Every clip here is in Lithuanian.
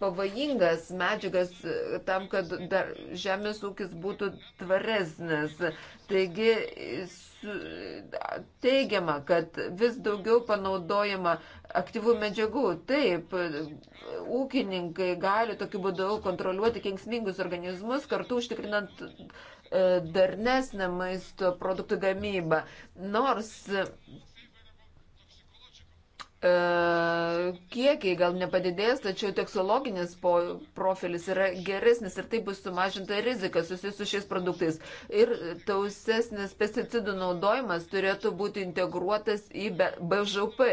pavojingas medžiagas e, tam, kad dar žemės ūkis būtų tvaresnis. Taigi teigiama, kad vis daugiau panaudojama aktyvų medžiagų. Taip, ūkininkai gali tokiu būdu kontroliuoti kenksmingus organizmus, kartu užtikrinant e, darnesnę maisto produktų gamybą. Nors E, kiekiai gal nepadidės, tačiau toksologinis profilis yra geresnis ir taip bus sumažinta rizika susijusi su šiais produktais. Ir tausesnis pesticidų naudojimas turėtų būti integruotas į BŽP.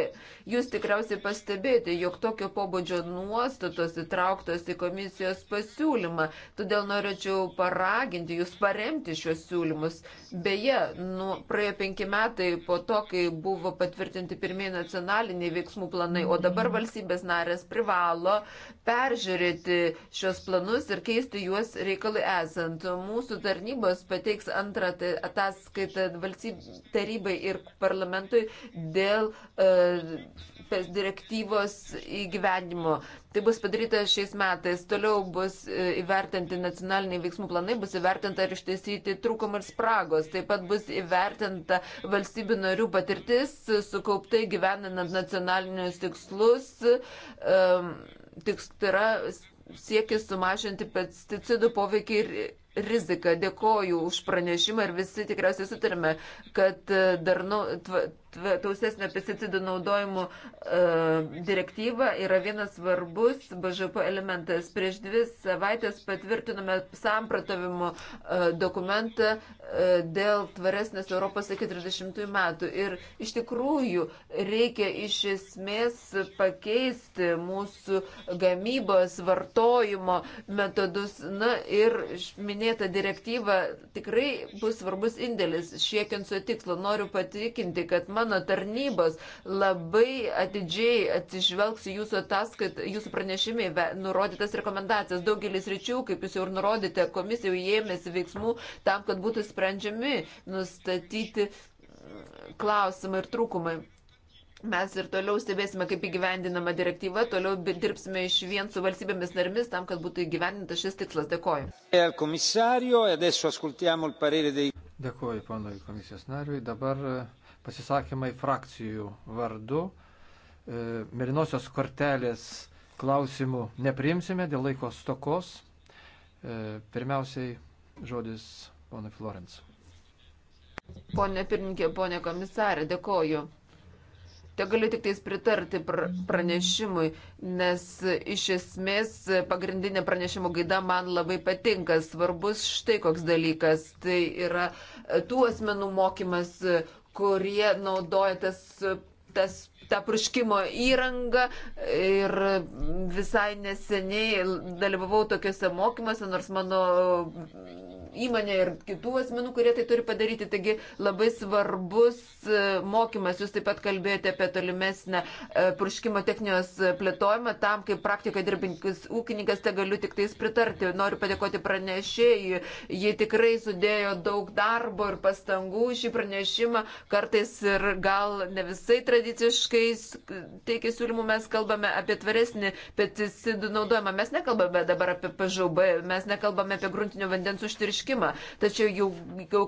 Jūs tikriausiai pastebėjote, jog tokio pobūdžio nuostatos įtrauktos į komisijos pasiūlymą. Todėl norėčiau paraginti jūs paremti šios siūlymus. Beje, nu, praėjo penki metai po to, kai buvo patvirtinti pirmieji nacionaliniai veiksmų planai, o dabar valstybės narės privalo peržiūrėti šios planus ir keisti juos reikalui esant. Mūsų tarnybos pateiks antrą ataskaitą valstybės tarybai ir parlamentui dėl. Uh, direktyvos įgyvendimo. Tai bus padaryta šiais metais. Toliau bus e, įvertinti nacionaliniai veiksmų planai, bus įvertinta ir ištaisyti trūkum ir spragos. Taip pat bus įvertinta valstybių narių patirtis, sukauptai gyvenant nacionalinius tikslus. Tiks, tai yra siekis sumažinti pesticidų poveikį ir riziką. Dėkoju už pranešimą ir visi tikriausiai sutarime, kad e, darnu, tausesnio pesticidų naudojimo e, direktyva yra vienas svarbus BŽP elementas. Prieš dvi savaitės patvirtinome sampratavimo e, dokumentą e, dėl tvaresnės Europos iki 30 metų. Ir iš tikrųjų reikia iš esmės pakeisti mūsų gamybos, vartojimo metodus. Na ir minėta direktyva tikrai bus svarbus indėlis siekiant su tikslu. Noriu patikinti, kad mano tarnybos labai atidžiai atsižvelgs į jūsų ataskaitą, jūsų pranešimai nurodytas rekomendacijas. Daugelis ryčių, kaip jūs jau ir nurodėte, komisija jau ėmėsi veiksmų tam, kad būtų sprendžiami nustatyti klausimai ir trūkumai. Mes ir toliau stebėsime, kaip įgyvendinama direktyva, toliau dirbsime iš vien su valstybėmis narimis tam, kad būtų įgyvendintas šis tikslas. Dėkoju. E e Dėkoju, ponui komisijos nariui. Dabar pasisakymai frakcijų vardu. E, Mėlynosios kortelės klausimų neprimsime dėl laiko stokos. E, pirmiausiai žodis ponui Florence. Pone pirmininkė, pone komisarė, dėkoju. Te galiu tik tais pritarti pr pranešimui, nes iš esmės pagrindinė pranešimo gaida man labai patinka. Svarbus štai koks dalykas. Tai yra e, tų asmenų mokymas, kurie naudoja tas, tas tą purškimo įrangą ir visai neseniai dalyvavau tokiuose mokymuose, nors mano įmonė ir kitų asmenų, kurie tai turi padaryti. Taigi labai svarbus e, mokymas. Jūs taip pat kalbėjote apie tolimesnę e, purškimo technijos plėtojimą. Tam, kaip praktikoje dirbinkis ūkininkas, te galiu tik tais pritarti. Noriu padėkoti pranešėjai. Jie tikrai sudėjo daug darbo ir pastangų šį pranešimą. Kartais ir gal ne visai tradiciškai kai teikia siūlymų, mes kalbame apie tvaresnį pesticidų naudojimą. Mes nekalbame dabar apie pažaubą, mes nekalbame apie gruntinio vandens užtirškimą. Tačiau jau, jau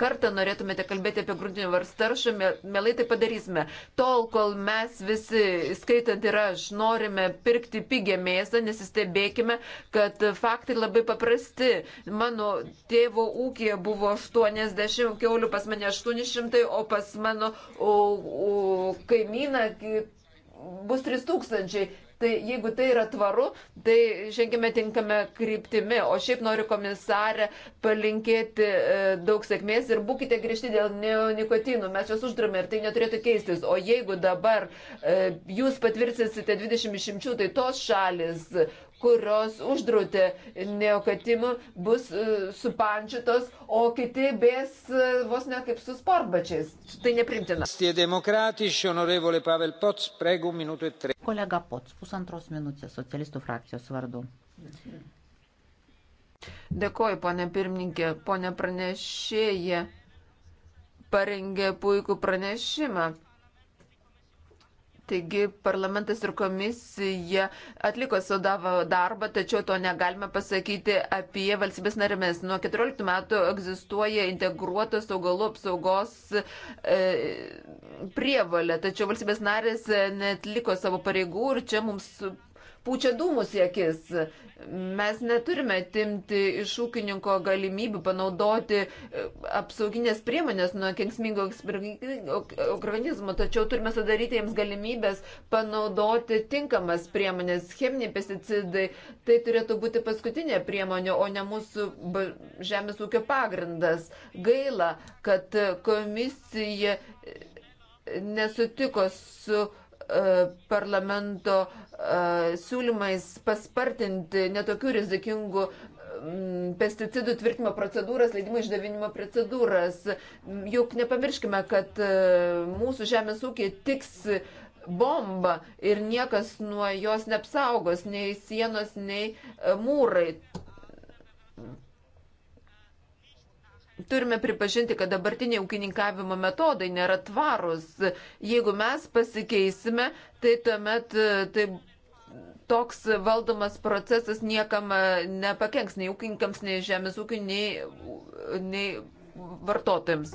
kartą norėtumėte kalbėti apie gruntinio varstaršą, mielai tai padarysime. Tol, kol mes visi, skaitant ir aš, norime pirkti pigią mėsą, nesistebėkime, kad faktai labai paprasti. Mano tėvo ūkija buvo 80 keulių, pas mane 800, o pas mano o, o, kaimynė žemyną bus 3000. Tai jeigu tai yra tvaru, tai žengime tinkame kryptimi. O šiaip noriu komisarę palinkėti e, daug sėkmės ir būkite griežti dėl neonikotinų. Mes juos uždrame ir tai neturėtų keistis. O jeigu dabar e, jūs patvirtinsite 20 išimčių, tai tos šalis, kurios uždraudė neokatimų, bus uh, supančytos, o kiti bės uh, vos ne kaip su sportbačiais. Tai neprimtina. Pots, pregu, e Kolega Pots, pusantros minutės socialistų frakcijos vardu. Dėkoju, ponė pirmininkė, ponė pranešėja parengė puikų pranešimą. Taigi parlamentas ir komisija atliko sodavo darbą, tačiau to negalime pasakyti apie valstybės narėmės. Nuo 14 metų egzistuoja integruotos augalų apsaugos e, prievalė, tačiau valstybės narės netliko savo pareigų ir čia mums pučia dūmus į akis. Mes neturime timti iš ūkininko galimybių panaudoti e, apsauginės priemonės nuo kengsmingo organizmo, tačiau turime sudaryti jiems galimybės panaudoti tinkamas priemonės, cheminiai pesticidai. Tai turėtų būti paskutinė priemonė, o ne mūsų žemės ūkio pagrindas. Gaila, kad komisija e, nesutiko su uh, parlamento E, siūlymais paspartinti netokių rizikingų pesticidų tvirtimo procedūras, leidimų išdavinimo procedūras. Juk nepamirškime, kad e, mūsų žemės ūkiai tiks bomba ir niekas nuo jos neapsaugos, nei sienos, nei e, mūrai. Turime pripažinti, kad dabartiniai ūkininkavimo metodai nėra tvarūs. Jeigu mes pasikeisime, tai tuomet tai toks valdomas procesas niekam e, nepakenks, nei ūkininkams, nei žemės ūkiui, nei, nei vartotojams.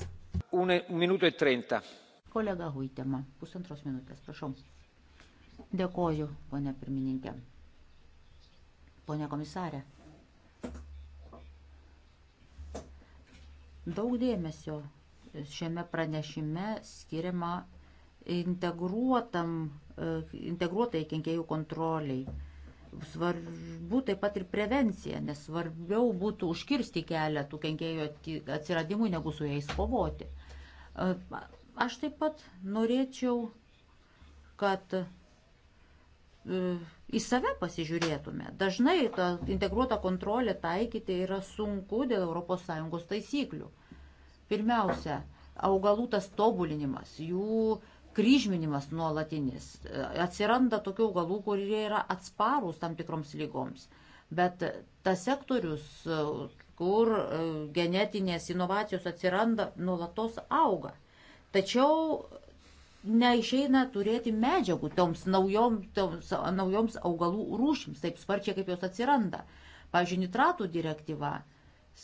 Un minutė 30. E Kolega Huitema, pusantros minutės, prašau. Dėkoju, ponė pirmininkė. Pone komisarė. Daug dėmesio šiame pranešime skiriama integruotam E, integruotai kenkėjų kontroliai. Svarbu taip pat ir prevencija, nes svarbiau būtų užkirsti kelią tų kenkėjų atsiradimui, negu su jais kovoti. E, aš taip pat norėčiau, kad e, į save pasižiūrėtume. Dažnai tą integruotą kontrolę taikyti yra sunku dėl ES taisyklių. Pirmiausia, augalų tas tobulinimas, jų kryžminimas nuolatinis. E, atsiranda tokių augalų, kurie yra atsparūs tam tikroms lygoms. Bet tas sektorius, e, kur e, genetinės inovacijos atsiranda, nuolatos auga. Tačiau neišeina turėti medžiagų toms naujoms, toms naujoms augalų rūšims, taip sparčiai kaip jos atsiranda. Pavyzdžiui, nitratų direktyva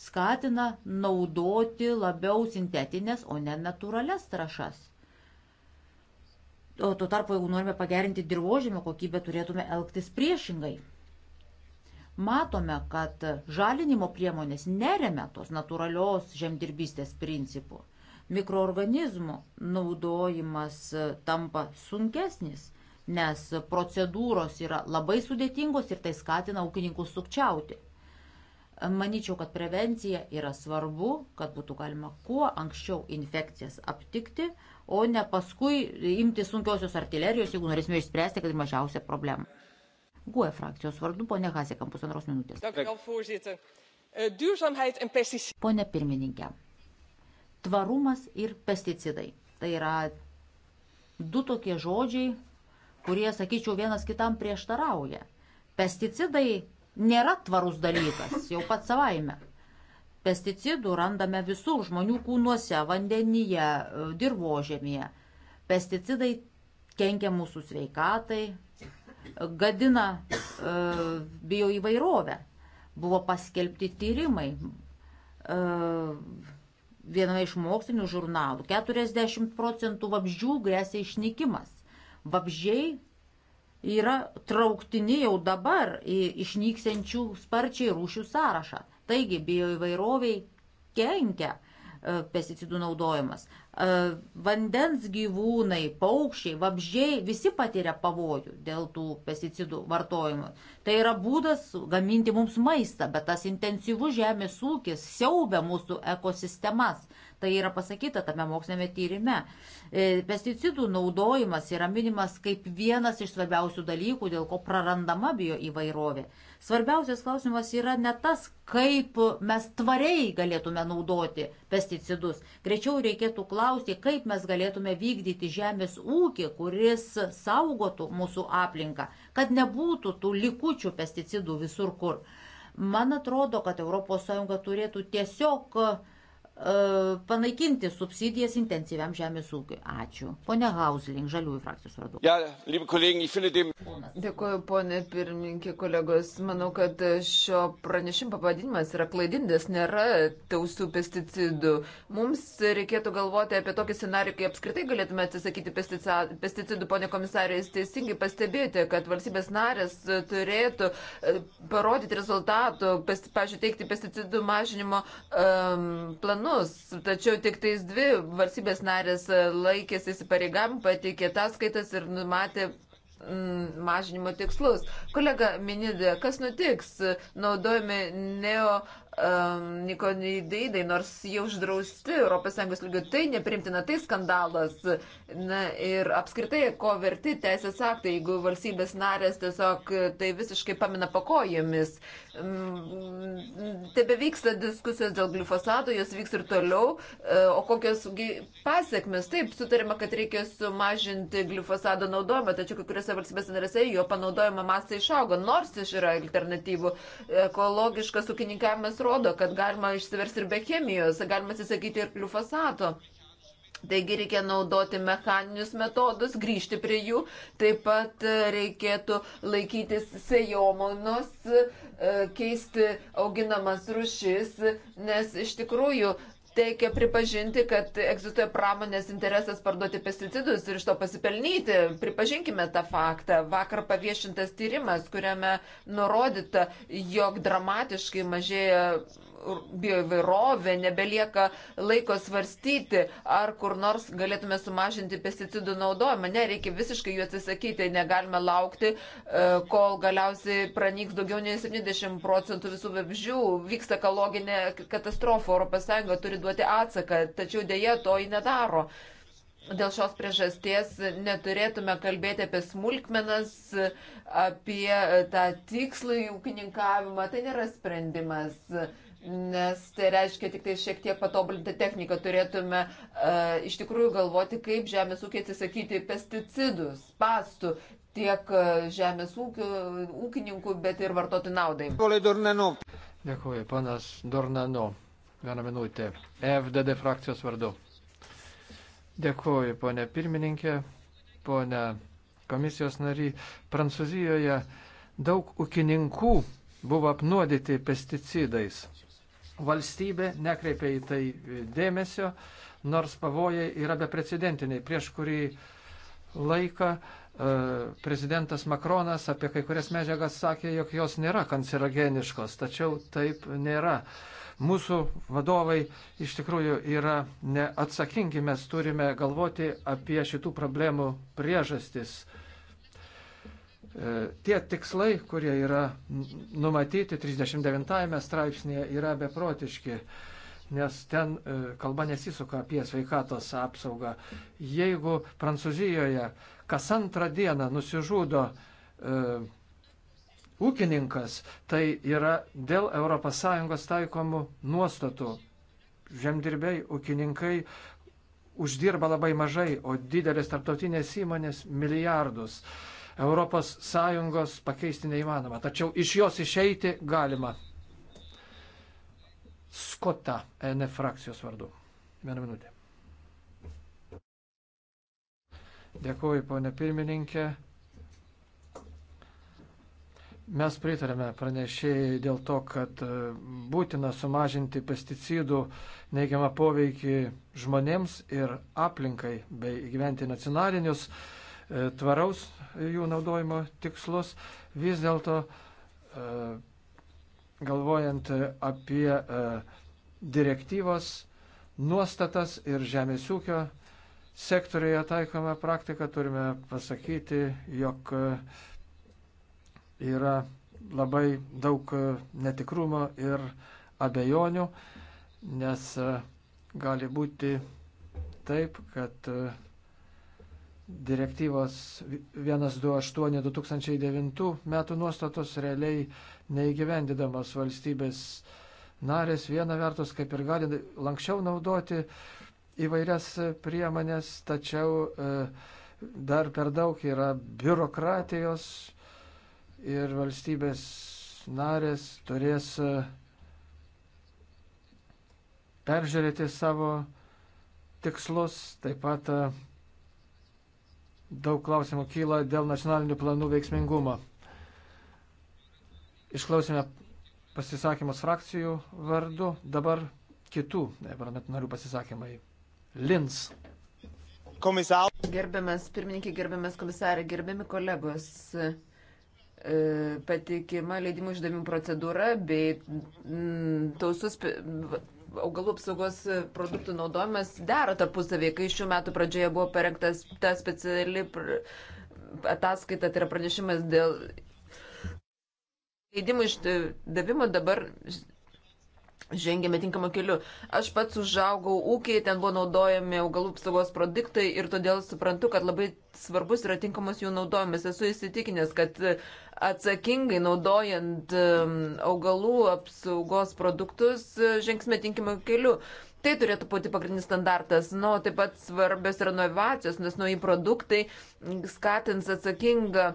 skatina naudoti labiau sintetinės, o ne natūrales trašas. O tuo tarpu, jeigu norime pagerinti dirbožėmio kokybę, turėtume elgtis priešingai. Matome, kad žalinimo priemonės neremia tos natūralios žemdirbystės principų. Mikroorganizmų naudojimas tampa sunkesnis, nes procedūros yra labai sudėtingos ir tai skatina ūkininkus sukčiauti. Maničiau, kad prevencija yra svarbu, kad būtų galima kuo anksčiau infekcijas aptikti, o ne paskui imti sunkiosios artilerijos, jeigu norėsime išspręsti, kad ir mažiausia problema. GUE frakcijos vardu, ponė Hasekam, pusantros minutės. Eh, Pone pirmininkė, tvarumas ir pesticidai. Tai yra du tokie žodžiai, kurie, sakyčiau, vienas kitam prieštarauja. Pesticidai nėra tvarus dalykas jau pat savaime. Pesticidų randame visur žmonių kūnuose, vandenyje, dirbožėmėje. Pesticidai kenkia mūsų sveikatai, gadina e, bio įvairovę. Buvo paskelbti tyrimai e, viename iš mokslinių žurnalų. 40 procentų vabzdžių grėsia išnykimas. Vabzdžiai yra trauktini jau dabar į išnyksenčių sparčiai rūšių sąrašą. Taigi bioįvairoviai kenkia e, pesticidų naudojimas. E, vandens gyvūnai, paukščiai, vabžiai visi patiria pavojų dėl tų pesticidų vartojimo. Tai yra būdas gaminti mums maistą, bet tas intensyvus žemės ūkis siaubia mūsų ekosistemas. Tai yra pasakyta tame mokslinėme tyrime. E, pesticidų naudojimas yra minimas kaip vienas iš svarbiausių dalykų, dėl ko prarandama bio įvairovė. Svarbiausias klausimas yra ne tas, kaip mes tvariai galėtume naudoti pesticidus. Greičiau reikėtų klausti, kaip mes galėtume vykdyti žemės ūkį, kuris saugotų mūsų aplinką, kad nebūtų tų likučių pesticidų visur kur. Man atrodo, kad ES turėtų tiesiog uh, E, panaikinti subsidijas intensyviam žemės ūkiui. Ačiū. Pone Hausling, žaliųjų frakcijos vardu. Ja, dem... Dėkuoju, ponė pirmininkė, kolegos. Manau, kad šio pranešimo pavadinimas yra klaidindas, nėra tausių pesticidų. Mums reikėtų galvoti apie tokį scenarių, kai apskritai galėtume atsisakyti pesticidų. Pone komisarė, jūs teisingai pastebėjote, kad valstybės narės turėtų e, parodyti rezultatų, pažiūrėjau, teikti pesticidų mažinimo um, planų planus, tačiau tik tais dvi valstybės narės laikėsi įsipareigam, pateikė ataskaitas ir numatė mm, mažinimo tikslus. Kolega Minidė, kas nutiks? Naudojami neo um, nikonidaidai, nors jie uždrausti ES lygių, tai neprimtina, tai skandalas. Na, ir apskritai, ko verti teisės aktai, jeigu valstybės narės tiesiog e, tai visiškai pamina pakojomis. Um, mm, Tebe vyksta diskusijos dėl glifosato, jos vyks ir toliau. Uh, o kokios pasiekmes? Taip, sutarima, kad reikia sumažinti glifosado naudojimą, tačiau kai kuriuose valstybės narėse jo panaudojimo mastai išaugo, nors iš yra alternatyvų. Ekologiškas ūkininkavimas rodo, kad galima išsiversti ir be chemijos, galima atsisakyti ir glifosato. Taigi reikia naudoti mechaninius metodus, grįžti prie jų, taip pat e, reikėtų laikytis sejomonos, e, keisti auginamas rušis, nes iš tikrųjų Teikia pripažinti, kad egzistuoja pramonės interesas parduoti pesticidus ir iš to pasipelnyti. Pripažinkime tą faktą. Vakar paviešintas tyrimas, kuriame nurodyta, jog dramatiškai mažėja bioįvairovė, nebelieka laiko svarstyti, ar kur nors galėtume sumažinti pesticidų naudojimą. Ne, reikia visiškai jų atsisakyti, negalime laukti, e, kol galiausiai pranyks daugiau nei 70 procentų visų vabžių. Vyksta ekologinė katastrofa, ES turi duoti atsaką, tačiau dėja to ji nedaro. Dėl šios priežasties neturėtume kalbėti apie smulkmenas, apie tą tikslų į ūkininkavimą. Tai nėra sprendimas nes tai reiškia tik tai šiek tiek patobulinti techniką. Turėtume e, iš tikrųjų galvoti, kaip žemės ūkiai atsisakyti pesticidų, pastų tiek e, žemės ūkio, ūkininkų, bet ir vartotojų naudai. Dėkuoju, panas Dornano. Vieną minutę. FDD frakcijos vardu. Dėkuoju, ponė pirmininkė, ponė komisijos nary. Prancūzijoje daug ūkininkų buvo apnuodyti pesticidais valstybė nekreipia į tai dėmesio, nors pavojai yra beprecedentiniai. Prieš kurį laiką e, prezidentas Makronas apie kai kurias medžiagas sakė, jog jos nėra kancerogeniškos, tačiau taip nėra. Mūsų vadovai iš tikrųjų yra neatsakingi, mes turime galvoti apie šitų problemų priežastis. E, tie tikslai, kurie yra numatyti 39 straipsnėje, yra beprotiški, nes ten e, kalba nesisuka apie sveikatos apsaugą. Jeigu Prancūzijoje kas antrą dieną nusižudo e, ūkininkas, tai yra dėl ES taikomų nuostatų. Žemdirbiai, ūkininkai uždirba labai mažai, o didelės tarptautinės įmonės milijardus. E, ES pakeisti neįmanoma, tačiau iš jos išeiti galima. Skota, NF frakcijos vardu. Vieną minutę. Dėkuoju, ponė pirmininkė. Mes pritarėme pranešėjai dėl to, kad e, būtina sumažinti pesticidų neigiamą poveikį žmonėms ir aplinkai bei įgyventi nacionalinius uh, E, tvaraus jų naudojimo tikslus. Vis dėlto, e, galvojant apie e, direktyvos nuostatas ir žemės ūkio sektorioje taikomą praktiką, turime pasakyti, jog yra labai daug netikrumo ir abejonių, nes gali būti taip, kad direktyvos 128-2009 metų nuostatos realiai neįgyvendinamos valstybės narės viena vertus kaip ir gali lankščiau naudoti įvairias priemonės, tačiau e, dar per daug yra biurokratijos ir valstybės narės turės e, peržiūrėti savo tikslus, taip pat e, daug klausimų kyla dėl nacionalinių planų veiksmingumo. Išklausime pasisakymus frakcijų vardu, dabar kitų e, parlamentų narių pasisakymai. Lins. Komisar. Gerbiamas pirmininkė, gerbiamas komisarė, gerbiami kolegos e, patikima leidimų išdavimų procedūra bei tausus augalų apsaugos produktų naudojimas dera tarpusavį, kai šių metų pradžioje buvo parengtas ta speciali ataskaita, tai yra pranešimas dėl leidimų išdavimo, dabar žengėme tinkamą keliu. Aš pats užaugau ūkiai, ten buvo naudojami augalų apsaugos produktai ir todėl suprantu, kad labai svarbus yra tinkamas jų naudojimas. Esu įsitikinęs, kad atsakingai naudojant augalų apsaugos produktus e, žingsime tinkamą keliu. Tai turėtų būti pagrindinis standartas. Na, nu, taip pat svarbios yra inovacijos, nes nauji produktai skatins atsakingą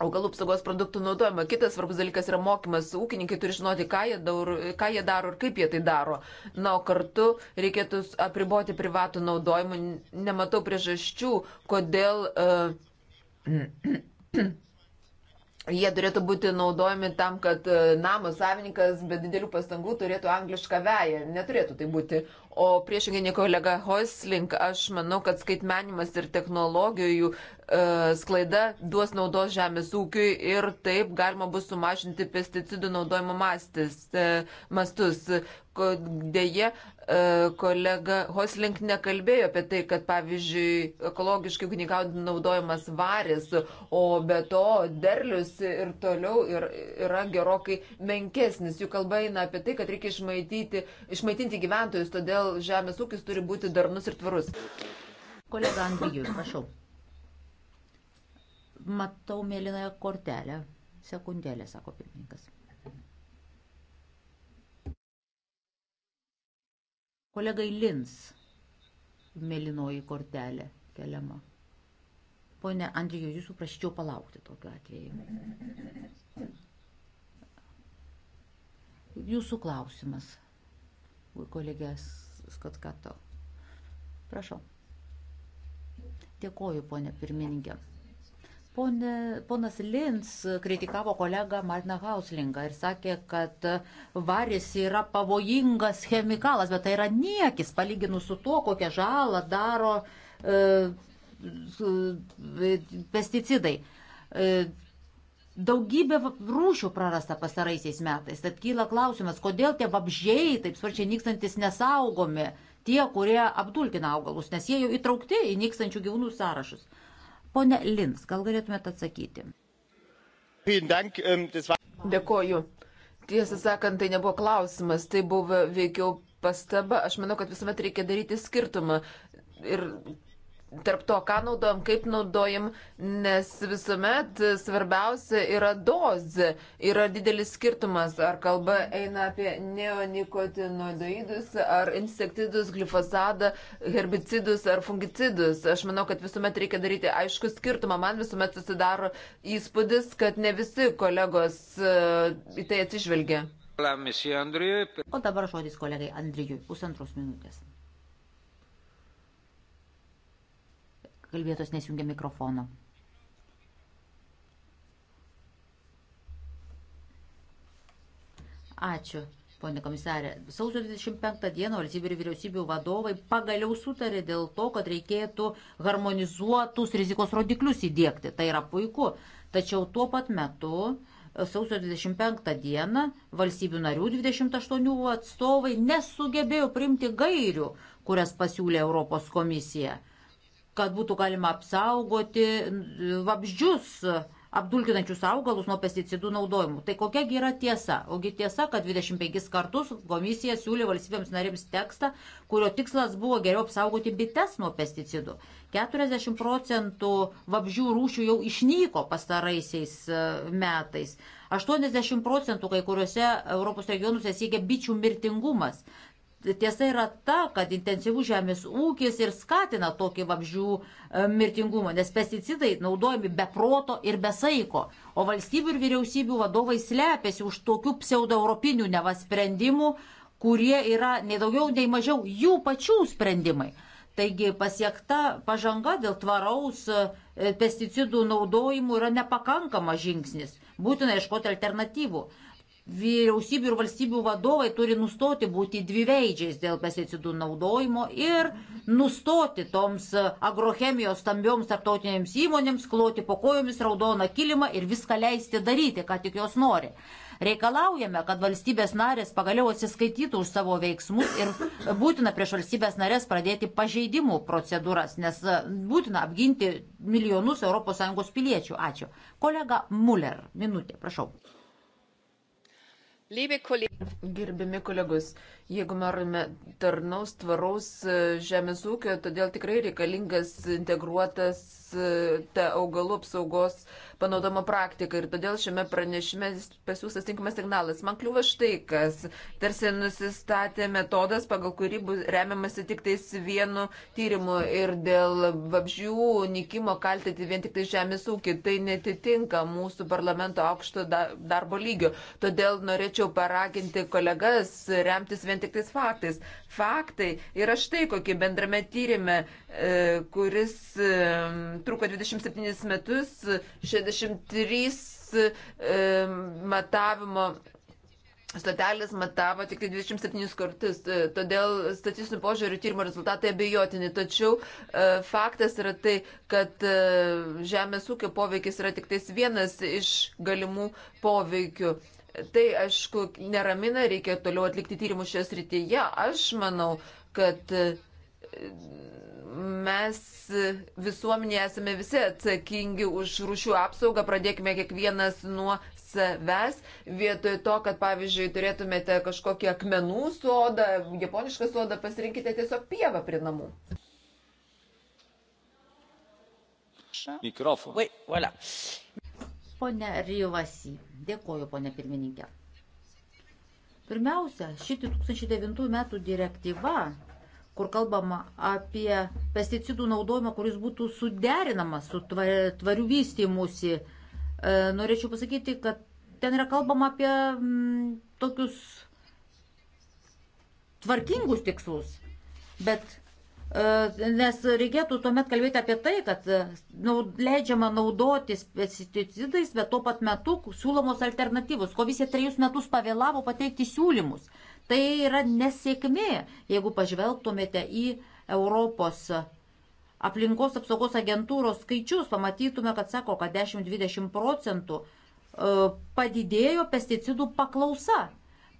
augalų apsaugos produktų naudojimą. Kitas svarbus dalykas yra mokymas. Ūkininkai turi žinoti, ką jie, daur, ką jie daro ir kaip jie tai daro. Na, o kartu reikėtų apriboti privatų naudojimą. Nematau priežasčių, kodėl. Uh, Jie turėtų būti naudojami tam, kad e, namo savininkas be didelių pastangų turėtų anglišką veją. Neturėtų tai būti. O priešingai nei kolega Hoislink, aš manau, kad skaitmenimas ir technologijų e, sklaida duos naudos žemės ūkiui ir taip galima bus sumažinti pesticidų naudojimo mastis, e, mastus. Deja, e, kolega Hoslink nekalbėjo apie tai, kad pavyzdžiui ekologiškai ugnigaudant naudojamas varis, o be to derlius ir toliau ir, yra gerokai menkesnis. Juk kalba eina apie tai, kad reikia išmaityti, išmaitinti gyventojus, todėl Todėl žemės ūkis turi būti darnus ir tvarus. Kolega Andrijus, prašau. Matau mėlynąją kortelę. Sekundėlė, sako pirmininkas. Kolegai Lins mėlynoji kortelė keliama. Pone Andriju, jūsų prašyčiau palaukti tokiu atveju. Jūsų klausimas, kolegės Skotkato. Prašau. Dėkoju, ponė pirmininkė. Pone, ponas Lins kritikavo kolegą Martiną Hauslingą ir sakė, kad varis yra pavojingas chemikalas, bet tai yra niekis palyginus su to, kokią žalą daro e, e pesticidai. E, Daugybė rūšių prarasta pasaraisiais metais. Tad kyla klausimas, kodėl tie vabžiai, taip sparčiai nykstantis, nesaugomi tie, kurie apdulkina augalus, nes jie jau įtraukti į nykstančių gyvūnų sąrašus. Pone Lins, gal galėtumėte atsakyti? Ähm, Dėkoju. Tiesą sakant, tai nebuvo klausimas, tai buvo veikiau pastaba. Aš manau, kad visuomet reikia daryti skirtumą ir tarp to, ką naudojam, kaip naudojam, nes visuomet svarbiausia yra dozė. Yra didelis skirtumas, ar kalba eina apie neonikotinoidus, ar insekticidus, glifosadą, herbicidus ar fungicidus. Aš manau, kad visuomet reikia daryti aišku skirtumą. Man visuomet susidaro įspūdis, kad ne visi kolegos e, į tai atsižvelgia. O dabar žodis kolegai Andrijui, pusantros minutės. Kalbėtos nesijungia mikrofono. Ačiū, ponė komisarė. Sausio 25 dieną valstybių ir vyriausybių vadovai pagaliau sutarė dėl to, kad reikėtų harmonizuotus rizikos rodiklius įdėkti. Tai yra puiku. Tačiau tuo pat metu sausio 25 dieną valstybių narių 28 atstovai nesugebėjo primti gairių, kurias pasiūlė Europos komisija kad būtų galima apsaugoti vabzdžius, apdulkinančius augalus nuo pesticidų naudojimų. Tai kokiagi yra tiesa? Ogi tiesa, kad 25 kartus komisija siūlė valstybėms narėms tekstą, kurio tikslas buvo geriau apsaugoti bites nuo pesticidų. 40 procentų vabzdžių rūšių jau išnyko pastaraisiais e, metais. 80 procentų kai kuriuose Europos regionuose siekia bičių mirtingumas tiesa yra ta, kad intensyvų žemės ūkis ir skatina tokį vabžių e, mirtingumą, nes pesticidai naudojami be proto ir be saiko, o valstybių ir vyriausybių vadovai slepiasi už tokių pseudoeuropinių nevasprendimų, kurie yra nei daugiau, nei mažiau jų pačių sprendimai. Taigi pasiekta pažanga dėl tvaraus e, pesticidų naudojimų yra nepakankama žingsnis. Būtina iškoti alternatyvų vyriausybių ir valstybių vadovai turi nustoti būti dviveidžiais dėl pesticidų naudojimo ir nustoti toms agrochemijos stambioms tarptautinėms įmonėms kloti po kojomis raudoną kilimą ir viską leisti daryti, ką tik jos nori. Reikalaujame, kad valstybės narės pagaliau atsiskaitytų už savo veiksmus ir būtina prieš valstybės narės pradėti pažeidimų procedūras, nes būtina apginti milijonus ES piliečių. Ačiū. Kolega Muller, minutė, prašau. Gerbiami kolegos, Jeigu norime darnaus, tvaraus e, žemės ūkio, todėl tikrai reikalingas integruotas e, ta augalų apsaugos panaudojimo praktika ir todėl šiame pranešime pasiūstas tinkamas signalas. Man kliūva štai kas. Tarsi nusistatė metodas, pagal kurį bus remiamasi tik tais vienu tyrimu ir dėl vabžių nikimo kaltinti vien tik tai žemės ūkį. Tai netitinka mūsų parlamento aukšto darbo lygio. Todėl norėčiau paraginti kolegas remtis vien vien tik tais faktais. Faktai yra štai kokie bendrame tyrimė, e, kuris e, truko 27 metus, 63 e, matavimo Stotelės matavo tik 27 tai kartus, todėl statistinių požiūrių tyrimo rezultatai abejotini. Tačiau e, faktas yra tai, kad e, žemės ūkio poveikis yra tik tais vienas iš galimų poveikių. Tai, aišku, neramina, reikia toliau atlikti tyrimus šios rytyje. Aš manau, kad e, mes visuomenė esame visi atsakingi už rūšių apsaugą, pradėkime kiekvienas nuo savęs, vietoj to, kad pavyzdžiui turėtumėte kažkokį akmenų sodą, japonišką sodą, pasirinkite tiesiog pievą prie namų. Mikrofon. Oui, voilà. Pone Ryvasi, dėkoju, pone pirmininkė. Pirmiausia, ši 2009 metų direktyva, kur kalbama apie pesticidų naudojimą, kuris būtų suderinamas su tvariu vystymusi, e, norėčiau pasakyti, kad ten yra kalbama apie m, mm, tokius tvarkingus tikslus, bet E, nes reikėtų tuomet kalbėti apie tai, kad e, leidžiama naudotis pesticidais, bet tuo pat metu siūlomos alternatyvos. Komisija trejus metus pavėlavo pateikti siūlymus. Tai yra nesėkmė, jeigu pažvelgtumėte į Europos aplinkos apsaugos agentūros skaičius, pamatytume, kad sako, kad 10-20 procentų e, padidėjo pesticidų paklausa.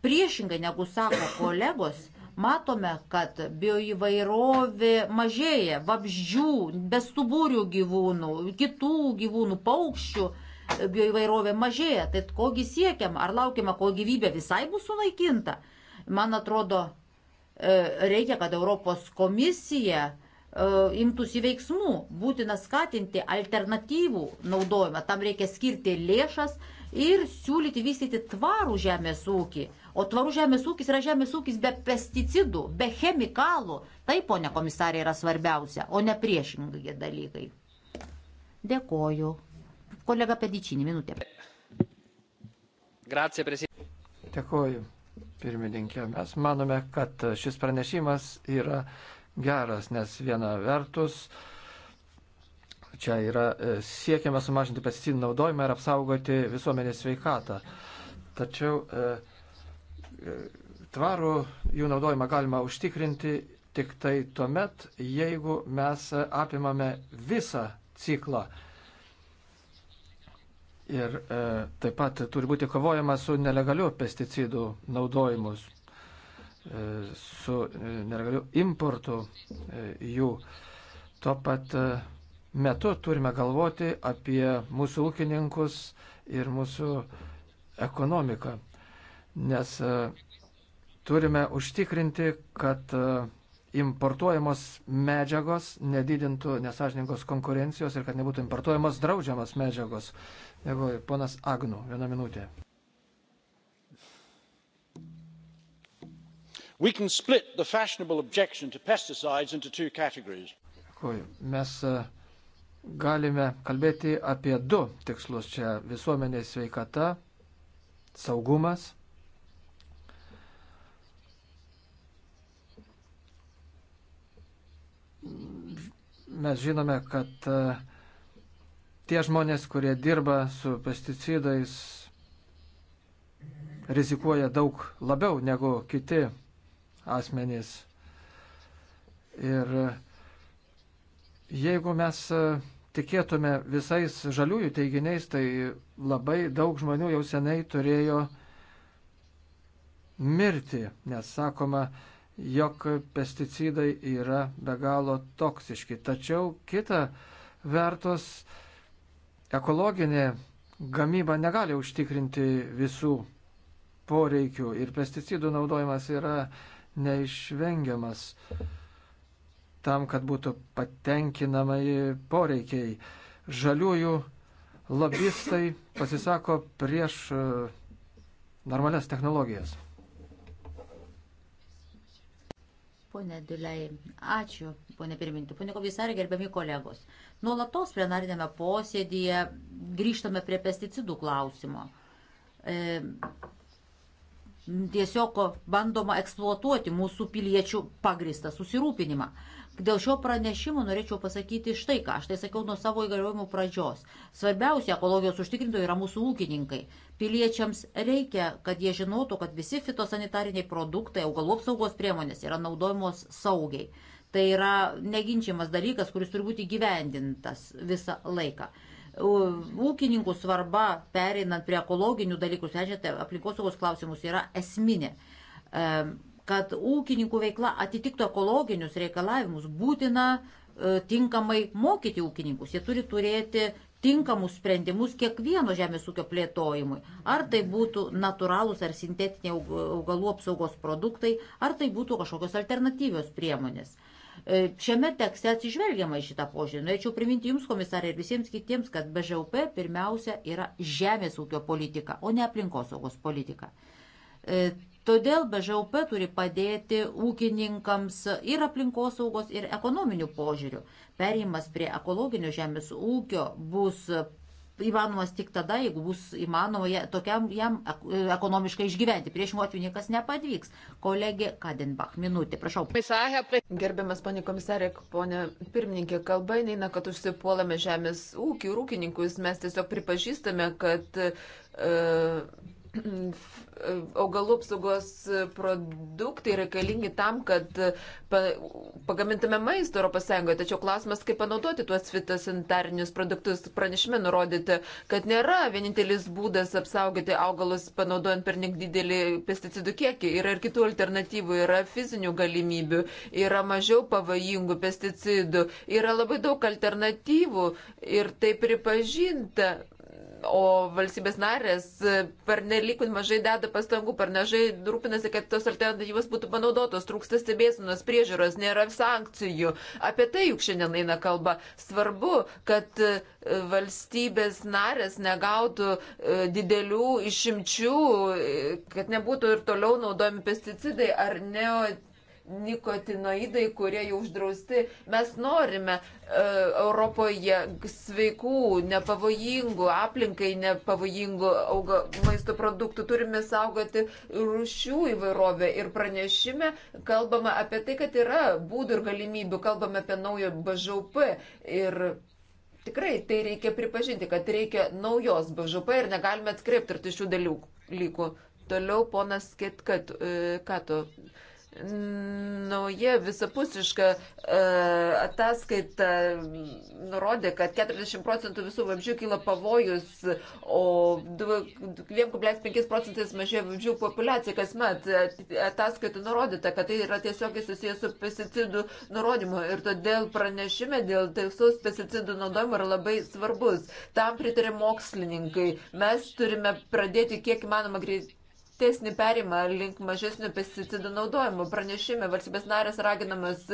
Priešingai negu sako kolegos, Matome, kad bioįvairovė mažėja, vabzdžių, bestubūrių gyvūnų, kitų gyvūnų, paukščių e, bioįvairovė mažėja. Tai kogi siekiam, ar laukiama, kol gyvybė visai bus sunaikinta? Man atrodo, e, reikia, kad Europos komisija e, imtųsi veiksmų, būtina skatinti alternatyvų naudojimą, tam reikia skirti lėšas ir siūlyti vystyti tvarų žemės ūkį O tvarų žemės ūkis yra žemės ūkis be pesticidų, be chemikalų. Tai, ponia komisarė, yra svarbiausia, o ne priešingai dalykai. Dėkoju. Kolega Pedičinį, minutė. Grazie, prezidentė. Dėkoju, pirmininkė. Mes manome, kad šis pranešimas yra geras, nes viena vertus čia yra e, siekiama sumažinti pesticidų naudojimą ir apsaugoti visuomenės sveikatą. Tačiau e, tvarų jų naudojimą galima užtikrinti tik tai tuomet, jeigu mes apimame visą ciklą. Ir e, taip pat turi būti kovojama su nelegaliu pesticidų naudojimus, e, su e, nelegaliu importu e, jų. Tuo pat e, metu turime galvoti apie mūsų ūkininkus ir mūsų ekonomiką nes e, turime užtikrinti, kad e, importuojamos medžiagos nedidintų nesažininkos konkurencijos ir kad nebūtų importuojamos draudžiamas medžiagos. Dėkuoju, ponas Agnu, vieną minutę. We can split the fashionable objection to pesticides into two categories. Dėkuoju. Mes e, galime kalbėti apie du tikslus čia - visuomenės sveikata, saugumas mes žinome, kad e, tie žmonės, kurie dirba su pesticidais, rizikuoja daug labiau negu kiti asmenys. Ir e, jeigu mes e, tikėtume visais žaliųjų teiginiais, tai labai daug žmonių jau seniai turėjo mirti, nes sakoma, jog pesticidai yra be galo toksiški. Tačiau kita vertus, ekologinė gamyba negali užtikrinti visų poreikių ir pesticidų naudojimas yra neišvengiamas tam, kad būtų patenkinamai poreikiai. Žaliųjų lobistai pasisako prieš e, normalias technologijas. Pone Duliai, ačiū, pone pirmininkė, pone komisarė, gerbiami kolegos. Nuolatos plenarinėme posėdėje grįžtame prie pesticidų klausimo. E, tiesiog bandoma eksploatuoti mūsų piliečių pagristą susirūpinimą. Dėl šio pranešimo norėčiau pasakyti štai ką, aš tai sakiau nuo savo įgaliojimų pradžios. Svarbiausia ekologijos užtikrintojai yra mūsų ūkininkai. Piliečiams reikia, kad jie žinotų, kad visi fitosanitariniai produktai, augalų apsaugos priemonės yra naudojamos saugiai. Tai yra neginčiamas dalykas, kuris turi būti gyvendintas visą laiką ūkininkų svarba pereinant prie ekologinių dalykų, sprendžiant tai aplinkosaugos klausimus, yra esminė kad ūkininkų veikla atitiktų ekologinius reikalavimus, būtina e, tinkamai mokyti ūkininkus. Jie turi turėti tinkamus sprendimus kiekvieno žemės ūkio plėtojimui. Ar tai būtų natūralūs ar sintetiniai augalų apsaugos produktai, ar tai būtų kažkokios alternatyvios priemonės. E, šiame tekste atsižvelgiama į šitą požiūrį. Norėčiau priminti Jums, komisarė, ir visiems kitiems, kad BŽUP pirmiausia yra žemės ūkio politika, o ne aplinkosaugos politika. E, Todėl BŽUP turi padėti ūkininkams ir aplinkosaugos, ir ekonominių požiūrių. Perėjimas prie ekologinio žemės ūkio bus įmanomas tik tada, jeigu bus įmanoma tokiam jam ekonomiškai išgyventi. Priešingų atveju niekas nepavyks. Kolegė Kadenbach, minutė, prašau. Gerbiamas ponė komisarė, ponė pirmininkė, kalba eina, kad užsipuolame žemės ūkį, ūkininkus. Mes tiesiog pripažįstame, kad. Uh, e, augalų apsaugos produktai reikalingi tam, kad pagamintume maistą ES. Tačiau klausimas, kaip panaudoti tuos fitosanitarinius produktus, pranešime nurodyti, kad nėra vienintelis būdas apsaugoti augalus panaudojant per nek didelį pesticidų kiekį. Yra ir kitų alternatyvų, yra fizinių galimybių, yra mažiau pavojingų pesticidų, yra labai daug alternatyvų ir tai pripažinta o valstybės narės per nelik mažai deda pastangų, per mažai rūpinasi, kad tos alternatyvos būtų panaudotos, trūksta stebėsinos priežiūros, nėra sankcijų. Apie tai juk šiandien eina kalba. Svarbu, kad e, valstybės narės negautų e, didelių išimčių, e, kad nebūtų ir toliau naudojami pesticidai ar neoticidai nikotinoidai, kurie jau uždrausti. Mes norime e, Europoje sveikų, nepavojingų, aplinkai nepavojingų auga, maisto produktų. Turime saugoti rūšių įvairovę. Ir pranešime kalbama apie tai, kad yra būdų ir galimybių. Kalbame apie naują BŽP. Ir tikrai tai reikia pripažinti, kad reikia naujos BŽP ir negalime atskreipti ir tai šių dalykų. Toliau ponas Ketkato, e, Nauja visapusiška e, ataskaita nurodė, kad 40 procentų visų vabzdžių kyla pavojus, o 2,5 procentais mažėja vabzdžių populiacija kasmet. Ataskaita nurodyta, kad tai yra tiesiogiai susijęs su pesticidų nurodymu ir todėl pranešime dėl tikslaus pesticidų naudojimo yra labai svarbus. Tam pritarė mokslininkai. Mes turime pradėti kiek įmanoma greitai lankstesnį perimą link mažesnio pesticidų naudojimo. Pranešime valstybės narės raginamas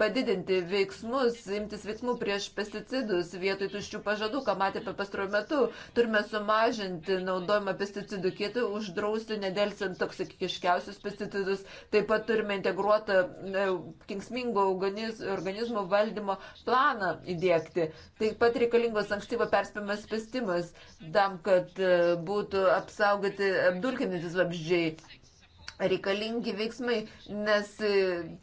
padidinti veiksmus, imtis veiksmų prieš pesticidus vietoj tuščių pažadų, ką matė per pastaruoju metu. Turime sumažinti naudojimą pesticidų kietį, uždrausti nedelsiant toksikiškiausius pesticidus. Taip pat turime integruotą e, kingsmingo organizmo valdymo planą įdėkti. Taip pat reikalingos ankstyvo perspėjimas pestimas tam, kad e, būtų apsaugoti apdulkinantis vabzdžiai reikalingi veiksmai, nes e,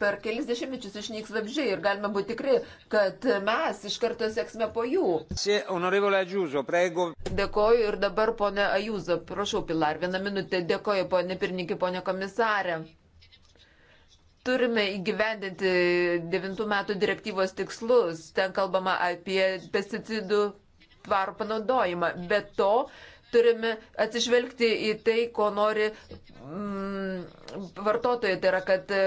per kelis dešimtmečius išnyks vabžiai ir galima būti tikri, kad mes iš karto seksime po jų. Dėkoju ir dabar ponė Ajūzo, prašau Pilar, vieną minutę dėkoju ponė pirmininkė, ponė komisarė. Turime įgyvendinti 9 metų direktyvos tikslus, ten kalbama apie pesticidų tvarų panaudojimą, bet to turime atsižvelgti į tai, ko nori mm, vartotojai. Tai yra, kad e,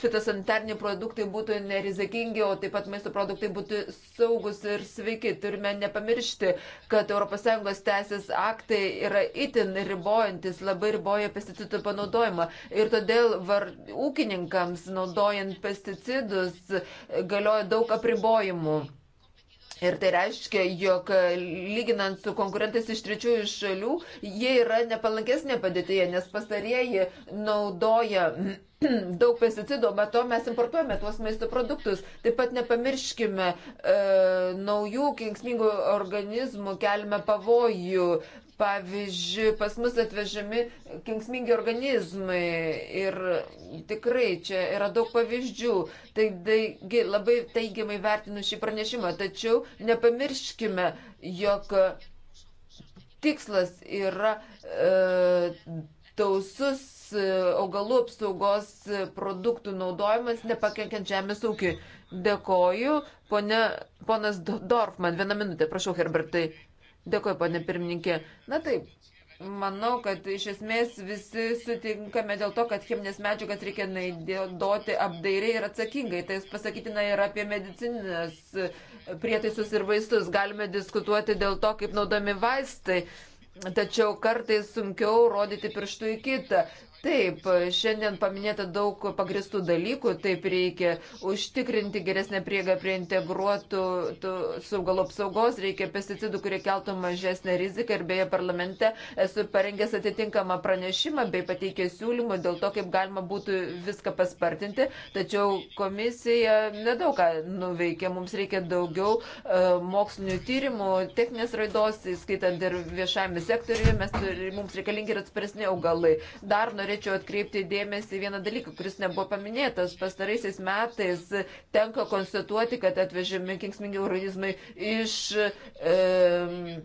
fitosanitarniai produktai būtų nerizikingi, o taip pat maisto produktai būtų saugus ir sveiki. Turime nepamiršti, kad ES teisės aktai yra itin ribojantis, labai riboja pesticidų panaudojimą. Ir todėl var, ūkininkams naudojant pesticidus galioja daug apribojimų. Ir tai reiškia, jog e, lyginant su konkurentais iš trečiųjų šalių, jie yra nepalankesnė padėtėje, nes pastarieji naudoja daug pesticidų, bet to mes importuojame tuos maisto produktus. Taip pat nepamirškime e, naujų kenksmingų organizmų, keliame pavojų. Pavyzdžiui, pas mus atvežami kenksmingi organizmai ir tikrai čia yra daug pavyzdžių. Tai taigi labai teigiamai vertinu šį pranešimą, tačiau nepamirškime, jog tikslas yra e, tausus e, augalų apsaugos produktų naudojimas nepakenkiant žemės ūkiui. Dėkoju, ponia, ponas Dorfman, vieną minutę, prašau, Herbertai. Dėkuoju, ponė pirmininkė. Na taip, manau, kad iš esmės visi sutinkame dėl to, kad cheminės medžiagas reikia naudoti apdairiai ir atsakingai. Tai pasakytina ir apie medicinės prietaisus ir vaistus. Galime diskutuoti dėl to, kaip naudami vaistai. Tačiau kartais sunkiau rodyti pirštų į kitą. Taip, šiandien paminėta daug pagristų dalykų, taip reikia užtikrinti geresnę priegą prie integruotų saugalų apsaugos, reikia pesticidų, kurie keltų mažesnę riziką ir beje parlamente esu parengęs atitinkamą pranešimą bei pateikęs siūlymų dėl to, kaip galima būtų viską paspartinti, tačiau komisija nedaug ką nuveikė, mums reikia daugiau uh, mokslinių tyrimų, techninės raidos, skaitant ir viešajame sektoriuje, mes, mums reikalingi ir atsparesni augalai. Dar norėčiau norėčiau atkreipti dėmesį vieną dalyką, kuris nebuvo paminėtas. Pastaraisiais metais tenka konstatuoti, kad atvežėme kingsmingi organizmai iš. E, e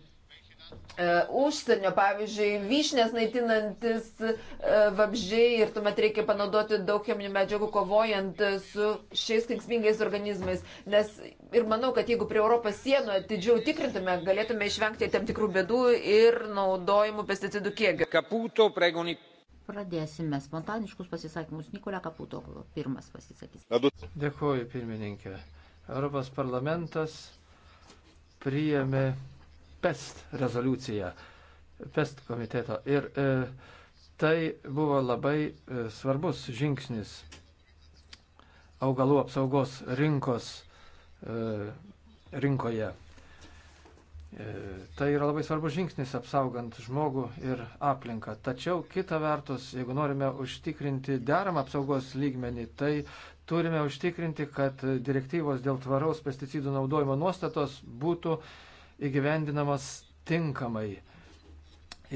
Užsienio, pavyzdžiui, vyšnės naitinantis e, vabžiai ir tuomet reikia panaudoti daug cheminių medžiagų kovojant su šiais kenksmingais organizmais. Nes ir manau, kad jeigu prie Europos sienų atidžiau tikrintume, galėtume išvengti tam tikrų bėdų ir naudojimų pesticidų kiekio. Kaputo, pregonip Pradėsime spontaniškus pasisakymus. Nikolia Kaputo pirmas pasisakys. Dėkuoju, pirmininkė. Europos parlamentas priėmė PEST rezoliuciją, PEST komiteto. Ir e, tai buvo labai e, svarbus žingsnis augalų apsaugos rinkos, e, rinkoje. E, tai yra labai svarbus žingsnis apsaugant žmogų ir aplinką. Tačiau kita vertus, jeigu norime užtikrinti deramą apsaugos lygmenį, tai turime užtikrinti, kad direktyvos dėl tvaraus pesticidų naudojimo nuostatos būtų įgyvendinamas tinkamai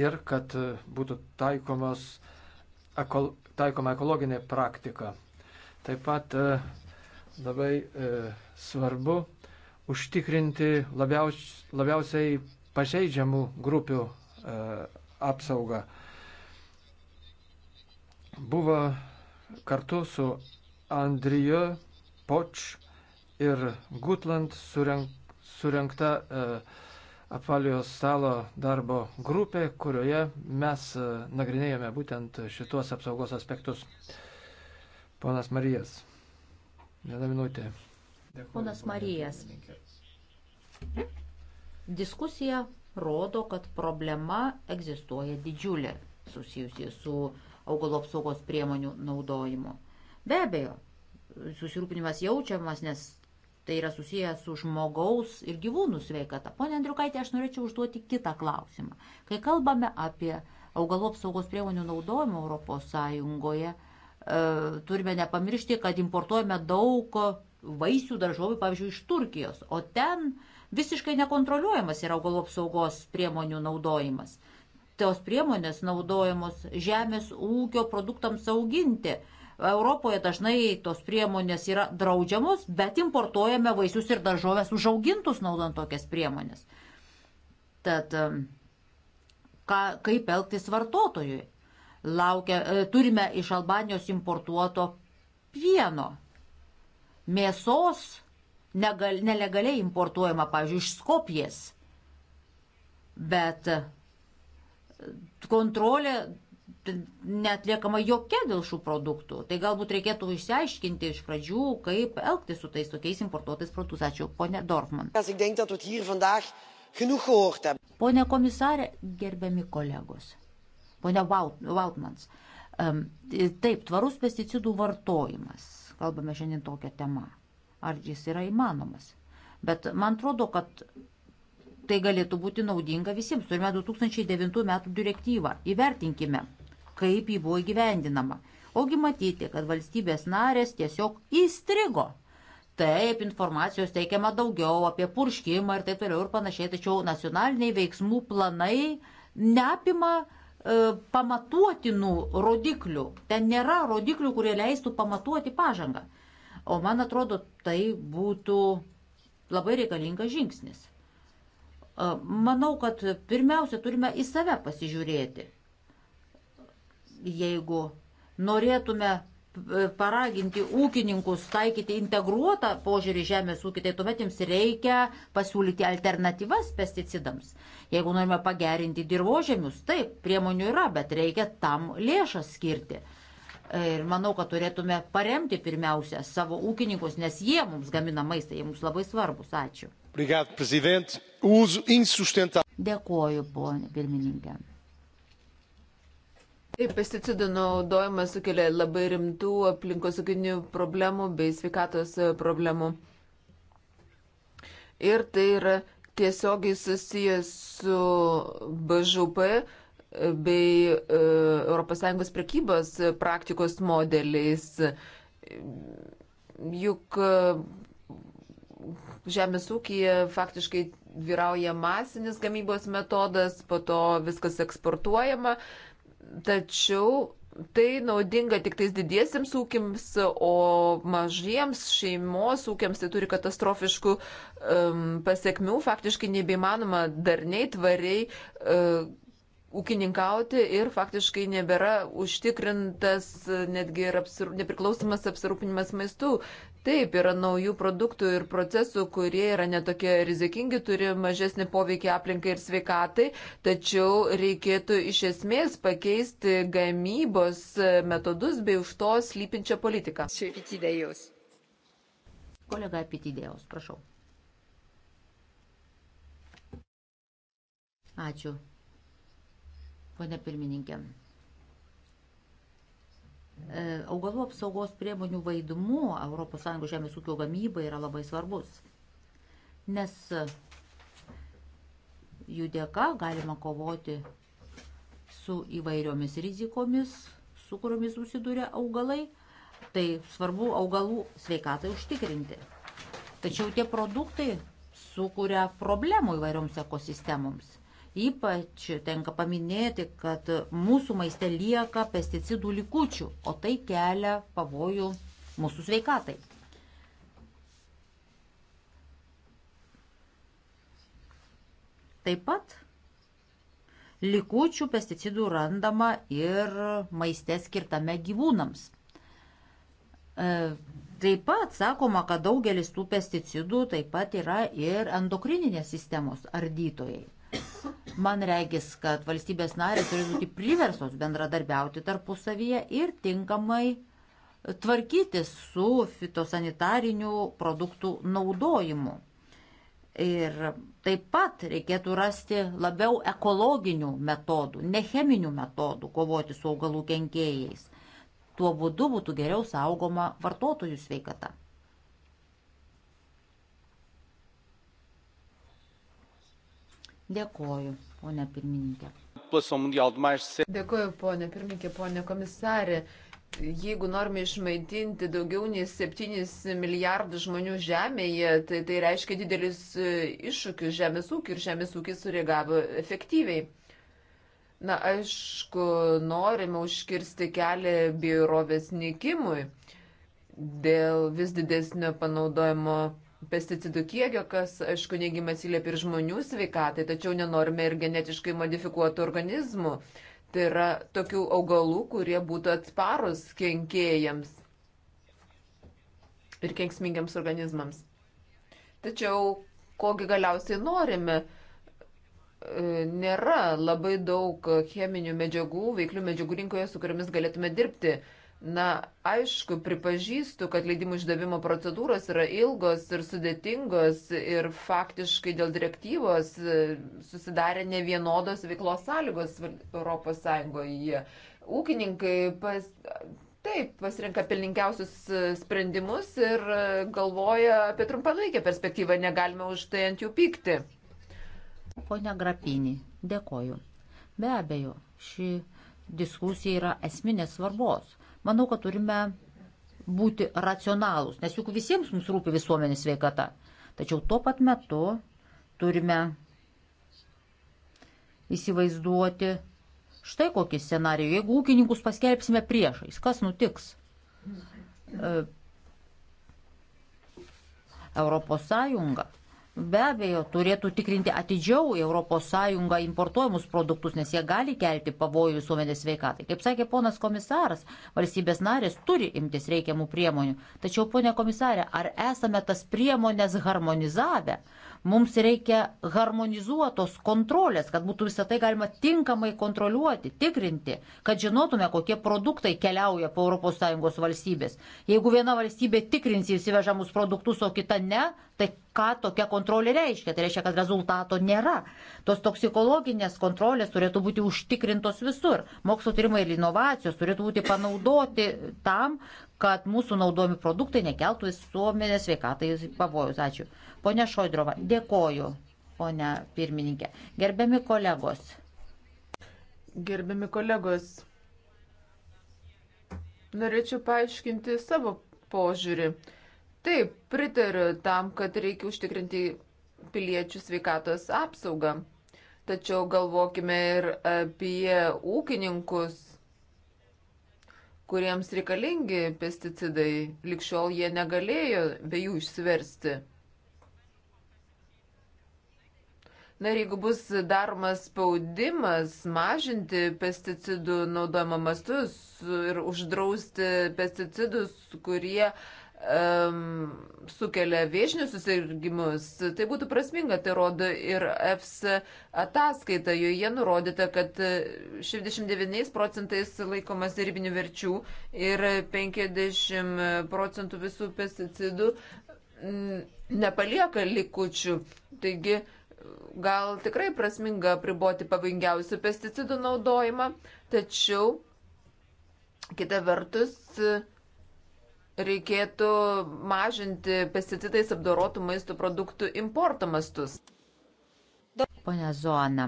ir kad būtų taikomos, ekol, taikoma ekologinė praktika. Taip pat e, labai e, svarbu užtikrinti labiaus, labiausiai pažeidžiamų grupių e, apsaugą. Buvo kartu su Andriju Poč ir Gutland surenk, surenkta e, apvalijos stalo darbo grupė, kurioje mes e, nagrinėjome būtent šitos apsaugos aspektus. Ponas Marijas, viena minutė. Ponas Marijas. Diskusija rodo, kad problema egzistuoja didžiulė susijusi su augalo apsaugos priemonių naudojimu. Be abejo, susirūpinimas jaučiamas, nes tai yra susijęs su žmogaus ir gyvūnų sveikata. Pone Andriukaitė, aš norėčiau užduoti kitą klausimą. Kai kalbame apie augalų apsaugos priemonių naudojimą ES, e, turime nepamiršti, kad importuojame daug vaisių daržovių, pavyzdžiui, iš Turkijos, o ten visiškai nekontroliuojamas yra augalų apsaugos priemonių naudojimas. Tos priemonės naudojamos žemės ūkio produktams auginti. Europoje dažnai tos priemonės yra draudžiamos, bet importuojame vaisius ir daržovės užaugintus naudant tokias priemonės. Tad um, ka, kaip elgtis vartotojui? Laukia, e, turime iš Albanijos importuoto pieno mėsos negal, nelegaliai importuojama, pavyzdžiui, iš Skopijas. Bet e, kontrolė netliekama jokia dėl šių produktų. Tai galbūt reikėtų išsiaiškinti iš pradžių, kaip elgtis su tais tokiais importuotais produktais. Ačiū, ponė Dorfman. Pone komisarė, gerbiami kolegos. Pone Vautmans. Ehm, taip, tvarus pesticidų vartojimas kalbame šiandien tokią temą. Ar jis yra įmanomas? Bet man atrodo, kad tai galėtų būti naudinga visiems. Turime 2009 metų direktyvą. Įvertinkime, kaip jį buvo įgyvendinama. Ogi matyti, kad valstybės narės tiesiog įstrigo. Taip, informacijos teikiama daugiau apie purškimą ir taip toliau ir panašiai, tačiau nacionaliniai veiksmų planai neapima uh, E, pamatuotinų rodiklių. Ten nėra rodiklių, kurie leistų pamatuoti pažangą. O man atrodo, tai būtų labai reikalingas žingsnis. E, manau, kad pirmiausia turime į save pasižiūrėti. Jeigu norėtume paraginti ūkininkus taikyti integruotą požiūrį žemės ūkį, tai tuomet jums reikia pasiūlyti alternatyvas pesticidams. Jeigu norime pagerinti dirbožėmius, taip, priemonių yra, bet reikia tam lėšas skirti. Ir manau, kad turėtume paremti pirmiausia savo ūkininkus, nes jie mums gamina maistą, jie mums labai svarbus. Ačiū. Obrigado, Dėkuoju, ponė pirmininkė Taip, pesticidų naudojimas sukelia labai rimtų aplinkosauginių problemų bei sveikatos e, problemų. Ir tai yra tiesiogiai susijęs su BŽP e, bei ES prekybos praktikos modeliais. Juk e, žemės ūkija faktiškai vyrauja masinis gamybos metodas, po to viskas eksportuojama. E, Tačiau tai naudinga tik tais didiesiems ūkiams, o mažiems šeimos ūkiams tai turi katastrofiškų um, pasiekmių, faktiškai nebeįmanoma darniai, tvariai uh, ūkininkauti ir faktiškai nebėra užtikrintas netgi ir apsir... nepriklausomas apsirūpinimas maistu. Taip, yra naujų produktų ir procesų, kurie yra netokie rizikingi, turi mažesnį poveikį aplinkai ir sveikatai, tačiau reikėtų iš esmės pakeisti gamybos metodus bei už to slypinčią politiką. Kolega Pitidėjos, prašau. Ačiū, ponė pirmininkė. E, augalų apsaugos priemonių vaidmuo ES žemės ūkio gamybai yra labai svarbus, nes jų dėka galima kovoti su įvairiomis rizikomis, su kuriomis susiduria augalai. Tai svarbu augalų sveikatai užtikrinti. Tačiau tie produktai sukuria problemų įvairioms ekosistemoms. Ypač tenka paminėti, kad mūsų maiste lieka pesticidų likučių, o tai kelia pavojų mūsų sveikatai. Taip pat likučių pesticidų randama ir maiste skirtame gyvūnams. E, taip pat sakoma, kad daugelis tų pesticidų taip pat yra ir endokrininės sistemos ardytojai. Man reikės, kad valstybės narės turi būti priversos bendradarbiauti tarpusavyje ir tinkamai tvarkytis su fitosanitarinių produktų naudojimu. Ir taip pat reikėtų rasti labiau ekologinių metodų, necheminių metodų kovoti su augalų kenkėjais. Tuo būdu būtų geriau saugoma vartotojų sveikata. Dėkoju, ponė pirmininkė. Dėkoju, ponė pirmininkė, ponė komisarė. Jeigu norime išmaitinti daugiau nei 7 milijardų žmonių žemėje, tai tai reiškia didelis e, iššūkius žemės ūkiu ir žemės ūkis sureagavo efektyviai. Na, aišku, norime užkirsti kelią biurovės nikimui dėl vis didesnio panaudojimo pesticidų kiekio, kas, aišku, neigiamai atsiliepia ir žmonių sveikatai, tačiau nenorime ir genetiškai modifikuotų organizmų. Tai yra tokių augalų, kurie būtų atsparus kenkėjams ir kenksmingiams organizmams. Tačiau, kogi galiausiai norime, e, nėra labai daug cheminių medžiagų, veiklių medžiagų rinkoje, su kuriamis galėtume dirbti. Na, aišku, pripažįstu, kad leidimų išdavimo procedūros yra ilgos ir sudėtingos ir faktiškai dėl direktyvos e, susidarė ne vienodos veiklos sąlygos ES. Ūkininkai pas, taip pasirenka pelningiausius e, sprendimus ir e, galvoja apie trumpalaikę perspektyvą, negalime už tai ant jų pykti. Pone Grapinį, dėkoju. Be abejo, ši diskusija yra esminės svarbos Manau, kad turime būti racionalūs, nes juk visiems mums rūpi visuomenės sveikata. Tačiau tuo pat metu turime įsivaizduoti štai kokį scenarijų. Jeigu ūkininkus paskelbsime priešais, kas nutiks? E, Europos Sąjunga be abejo turėtų tikrinti atidžiau ES importuojamus produktus, nes jie gali kelti pavojų visuomenės sveikatai. Kaip sakė ponas komisaras, valstybės narės turi imtis reikiamų priemonių. Tačiau, ponė komisarė, ar esame tas priemonės harmonizavę? Mums reikia harmonizuotos kontrolės, kad būtų visą tai galima tinkamai kontroliuoti, tikrinti, kad žinotume, kokie produktai keliauja po ES valstybės. Jeigu viena valstybė tikrins įsivežamus produktus, o kita ne, Tai ką tokia kontrolė reiškia? Tai reiškia, kad rezultato nėra. Tos toksikologinės kontrolės turėtų būti užtikrintos visur. Mokslo tyrimai ir inovacijos turėtų būti panaudoti tam, kad mūsų naudojami produktai nekeltų visuomenės sveikatai pavojus. Ačiū. Pone Šoidrova, dėkoju, pone pirmininkė. Gerbiami kolegos. Gerbiami kolegos. Norėčiau paaiškinti savo požiūrį. Taip, pritariu tam, kad reikia užtikrinti piliečių sveikatos apsaugą. Tačiau galvokime ir apie ūkininkus, kuriems reikalingi pesticidai. Likščiol jie negalėjo be jų išsiversti. Na ir jeigu bus daromas spaudimas mažinti pesticidų naudojimą mastus ir uždrausti pesticidus, kurie uh, um, sukelia viešinius susirgymus, tai būtų prasminga, tai rodo ir EFS ataskaita, joje nurodyta, kad 69 procentais laikomas ribinių verčių ir 50 procentų visų pesticidų nepalieka likučių. Taigi gal tikrai prasminga priboti pavingiausių pesticidų naudojimą, tačiau kita vertus reikėtų mažinti pesticidais apdorotų maisto produktų importo mastus. Pone Zona.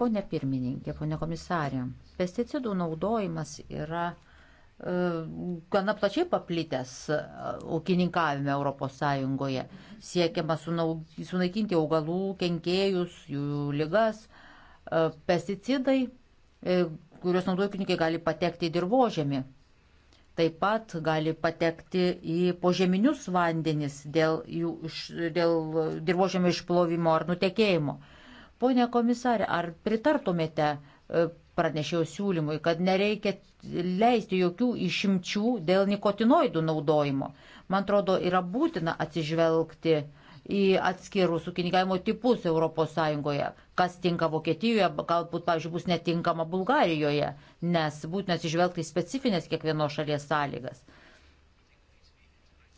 Pone pirmininkė, pone komisarė, pesticidų naudojimas yra e, gana plačiai paplitęs e, ūkininkavime ES. Siekiama sunaikinti augalų, kenkėjus, jų ligas. E, pesticidai, e, kuriuos naudoja ūkininkai, gali patekti į dirbožėmį taip pat gali patekti į požeminius vandenis dėl, jų, dėl dirbožėmio išplovimo ar nutekėjimo. Pone komisarė, ar pritartumėte e, pranešėjo siūlymui, kad nereikia leisti jokių išimčių dėl nikotinoidų naudojimo? Man atrodo, yra būtina atsižvelgti uh, į atskirus ūkininkavimo tipus ES, kas tinka Vokietijoje, galbūt, pavyzdžiui, bus netinkama Bulgarijoje, nes būtina atsižvelgti į specifines kiekvienos šalies sąlygas.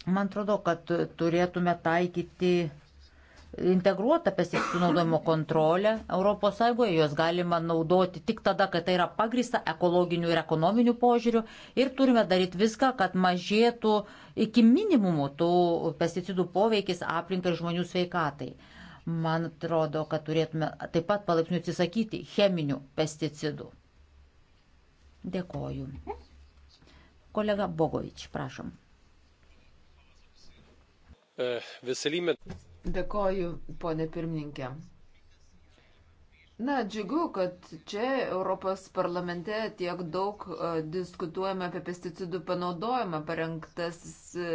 Man atrodo, kad turėtume taikyti integruotą pesticidų naudojimo kontrolę ES, jos galima naudoti tik tada, kai tai yra pagrista ekologiniu ir ekonominiu požiūriu ir turime daryti viską, kad mažėtų iki minimumo tų pesticidų poveikis aplinkai ir žmonių sveikatai. Man atrodo, kad turėtume taip pat palaipsniui atsisakyti cheminių pesticidų. Dėkoju. Kolega Bogovič, prašom. Veselime. Dėkoju, ponė pirmininkė. Na, džiugu, kad čia Europos parlamente tiek daug e, diskutuojame apie pesticidų panaudojimą. Parengtas e,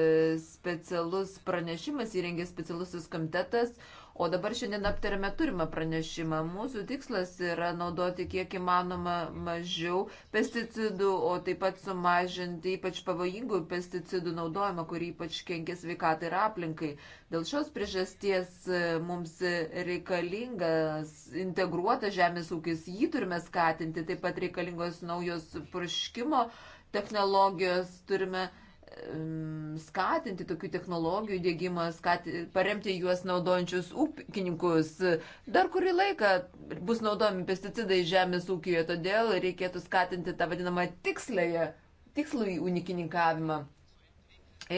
specialus pranešimas, įrengė specialusis komitetas, O dabar šiandien aptarėme turimą pranešimą. Mūsų tikslas yra naudoti kiek įmanoma mažiau pesticidų, o taip pat sumažinti ypač pavojingų pesticidų naudojimą, kurį ypač kenkia sveikatai ir aplinkai. Dėl šios priežasties e, mums reikalingas integruotas žemės ūkis, jį turime skatinti, taip pat reikalingos naujos purškimo technologijos, turime uh, skatinti tokių technologijų dėgymą, paremti juos naudojančius ūkininkus. Dar kurį laiką bus naudojami pesticidai žemės ūkijoje, todėl reikėtų skatinti tą vadinamą tikslėje, tikslųjį unikininkavimą.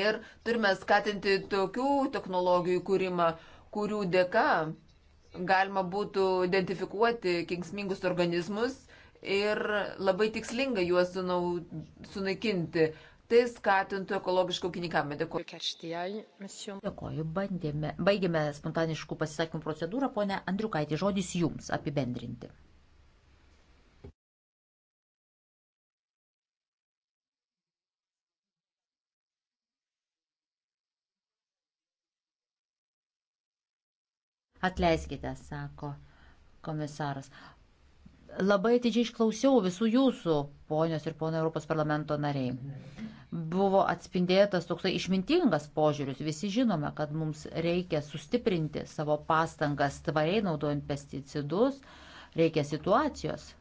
Ir turime skatinti tokių technologijų kūrimą, kurių dėka galima būtų identifikuoti kenksmingus organizmus ir labai tikslingai juos sunau, sunaikinti tai skatintų ekologišką ūkininkavimą. Dėkuoju. Dėkuoju, bandėme, baigėme spontaniškų pasisakymų procedūrą, ponė Andriukaitė, žodis jums apibendrinti. Atleiskite, sako komisaras. Labai atidžiai išklausiau visų jūsų, ponios ir pono Europos parlamento nariai buvo atspindėtas toksai išmintingas požiūris. Visi žinome, kad mums reikia sustiprinti savo pastangas tvariai naudojant pesticidus, reikia situacijos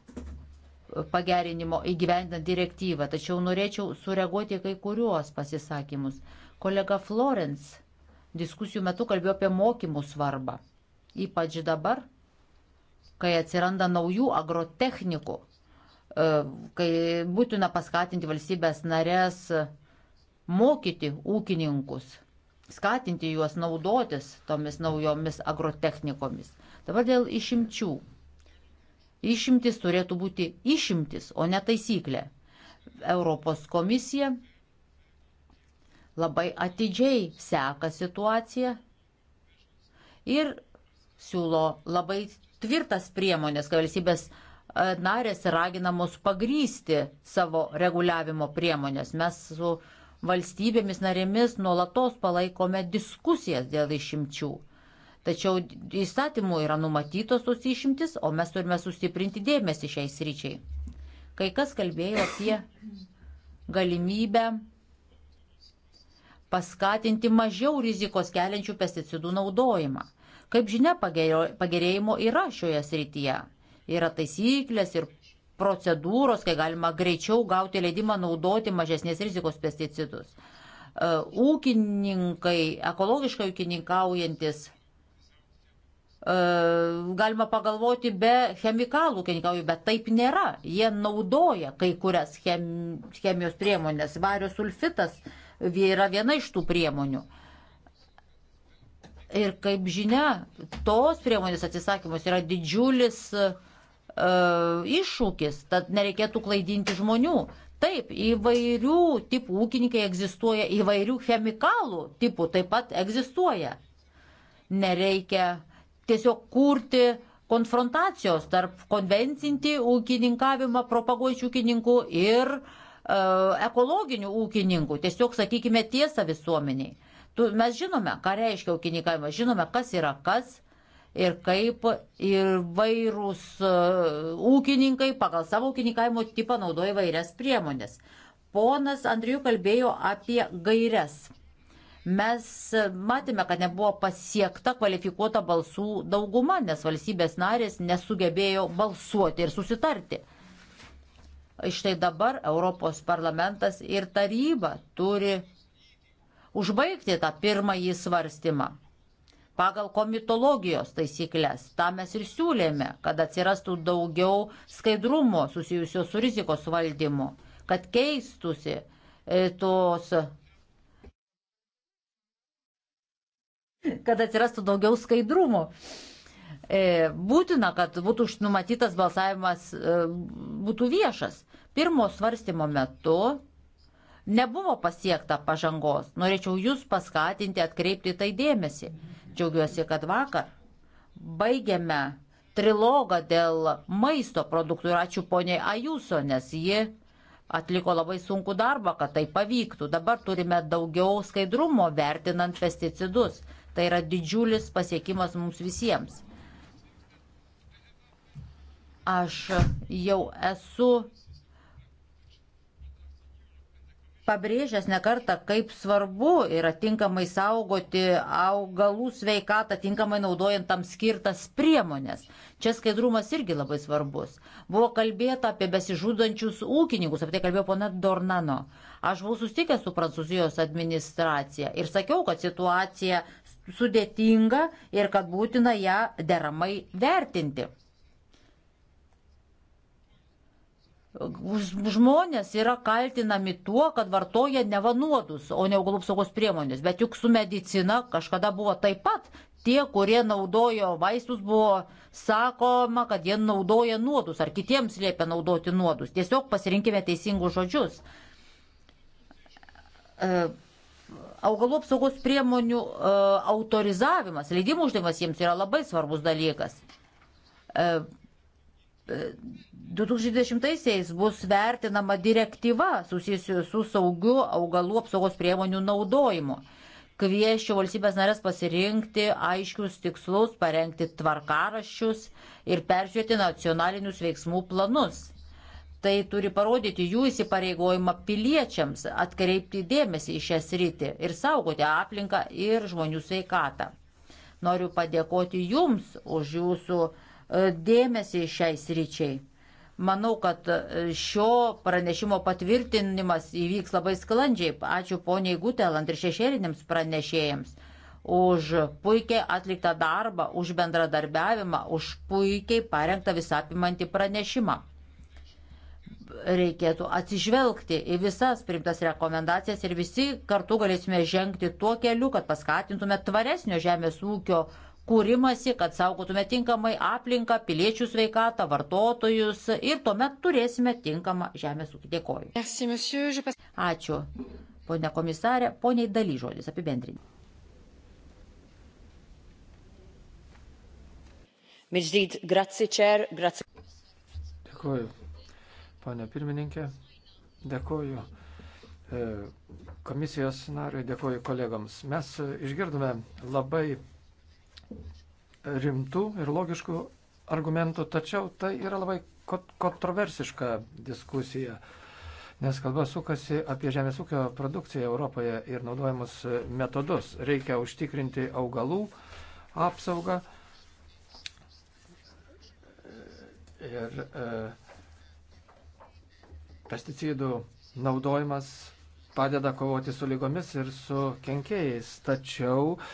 pagerinimo įgyvendant direktyvą, tačiau norėčiau sureaguoti kai kuriuos pasisakymus. Kolega Florence diskusijų metu kalbėjo apie mokymų svarbą, ypač dabar, kai atsiranda naujų agrotechnikų, E, kai būtina paskatinti valstybės narės mokyti ūkininkus, skatinti juos naudotis tomis naujomis agrotechnikomis. Dabar dėl išimčių. Išimtis turėtų būti išimtis, o ne taisyklė. Europos komisija labai atidžiai seka situaciją ir siūlo labai tvirtas priemonės, kad valstybės E, narės raginamos pagrysti savo reguliavimo priemonės. Mes su valstybėmis narėmis nuolatos palaikome diskusijas dėl išimčių. Tačiau įstatymų yra numatytos tos išimtis, o mes turime sustiprinti dėmesį šiais ryčiai. Kai kas kalbėjo apie galimybę paskatinti mažiau rizikos keliančių pesticidų naudojimą. Kaip žinia, pagerėjimo yra šioje srityje. Yra taisyklės ir procedūros, kai galima greičiau gauti leidimą naudoti mažesnės rizikos pesticidus. E, ūkininkai, ekologiškai ūkininkaujantis e, galima pagalvoti be chemikalų ūkininkauju, bet taip nėra. Jie naudoja kai kurias chem, chemijos priemonės. Vario sulfitas yra viena iš tų priemonių. Ir kaip žinia, tos priemonės atsisakymas yra didžiulis uh, E, iššūkis, tad nereikėtų klaidinti žmonių. Taip, įvairių tipų ūkininkai egzistuoja, įvairių chemikalų tipų taip pat egzistuoja. Nereikia tiesiog kurti konfrontacijos tarp konvencinti ūkininkavimą propaguojančių ūkininkų ir e, ekologinių ūkininkų. Tiesiog sakykime tiesą visuomeniai. Tu, mes žinome, ką reiškia ūkininkavimas, žinome, kas yra kas ir kaip ir vairūs e, ūkininkai pagal savo ūkininkavimo tipą naudoja vairias priemonės. Ponas Andriu kalbėjo apie gairias. Mes matėme, kad nebuvo pasiekta kvalifikuota balsų dauguma, nes valstybės narės nesugebėjo balsuoti ir susitarti. Štai dabar Europos parlamentas ir taryba turi užbaigti tą pirmąjį svarstymą pagal komitologijos taisyklės. Ta mes ir siūlėme, kad atsirastų daugiau skaidrumo susijusio su rizikos valdymu, kad keistusi e, tos kad atsirastų daugiau skaidrumo. E, būtina, kad būtų numatytas balsavimas, e, būtų viešas. Pirmo svarstymo metu nebuvo pasiekta pažangos. Norėčiau jūs paskatinti atkreipti tai dėmesį. Džiaugiuosi, kad vakar baigėme trilogą dėl maisto produktų ir ačiū poniai Ajuso, nes ji atliko labai sunku darbą, kad tai pavyktų. Dabar turime daugiau skaidrumo vertinant pesticidus. Tai yra didžiulis pasiekimas mums visiems. Aš jau esu pabrėžęs nekartą, kaip svarbu yra tinkamai saugoti augalų sveikatą, tinkamai naudojant tam skirtas priemonės. Čia skaidrumas irgi labai svarbus. Buvo kalbėta apie besižudančius ūkininkus, apie tai kalbėjo pana Dornano. Aš buvau sustikęs su Prancūzijos administracija ir sakiau, kad situacija sudėtinga ir kad būtina ją deramai vertinti. Žmonės yra kaltinami tuo, kad vartoja nevanuodus, o ne augalų apsaugos priemonės, bet juk su medicina kažkada buvo taip pat. Tie, kurie naudojo vaistus, buvo sakoma, kad jie naudoja nuodus ar kitiems liepia naudoti nuodus. Tiesiog pasirinkime teisingus žodžius. E, augalų apsaugos priemonių e, autorizavimas, leidimų uždavimas jiems yra labai svarbus dalykas. E, 2020-aisiais bus vertinama direktyva susijusi su saugiu augalų apsaugos priemonių naudojimu. Kviešiu valstybės narės pasirinkti aiškius tikslus, parengti tvarkaraščius ir peržiūrėti nacionalinius veiksmų planus. Tai turi parodyti jų įsipareigojimą piliečiams, atkreipti dėmesį į šią sritį ir saugoti aplinką ir žmonių sveikatą. Noriu padėkoti Jums už Jūsų uh, E, dėmesį šiai sričiai. Manau, kad e, šio pranešimo patvirtinimas įvyks labai sklandžiai. Ačiū poniai Gutelant ir šešėlinėms pranešėjams už puikiai atliktą darbą, už bendradarbiavimą, už puikiai parengtą visapimantį pranešimą. Reikėtų atsižvelgti į visas primtas rekomendacijas ir visi kartu galėsime žengti tuo keliu, kad paskatintume tvaresnio žemės ūkio kūrimasi, kad saugotume tinkamai aplinką, piliečių sveikatą, vartotojus ir tuomet turėsime tinkamą žemės ūkį. Dėkoju. Ačiū, ponia komisarė, poniai daly žodis apibendrinti. Dėkoju, ponia pirmininkė, dėkoju e, komisijos nariui, dėkoju kolegoms. Mes e, išgirdome labai rimtų ir logiškų argumentų, tačiau tai yra labai kontroversiška diskusija, nes kalba sukasi apie žemės ūkio produkciją Europoje ir naudojamus metodus. Reikia užtikrinti augalų apsaugą ir e, pesticidų naudojimas padeda kovoti su lygomis ir su kenkėjais. Tačiau e,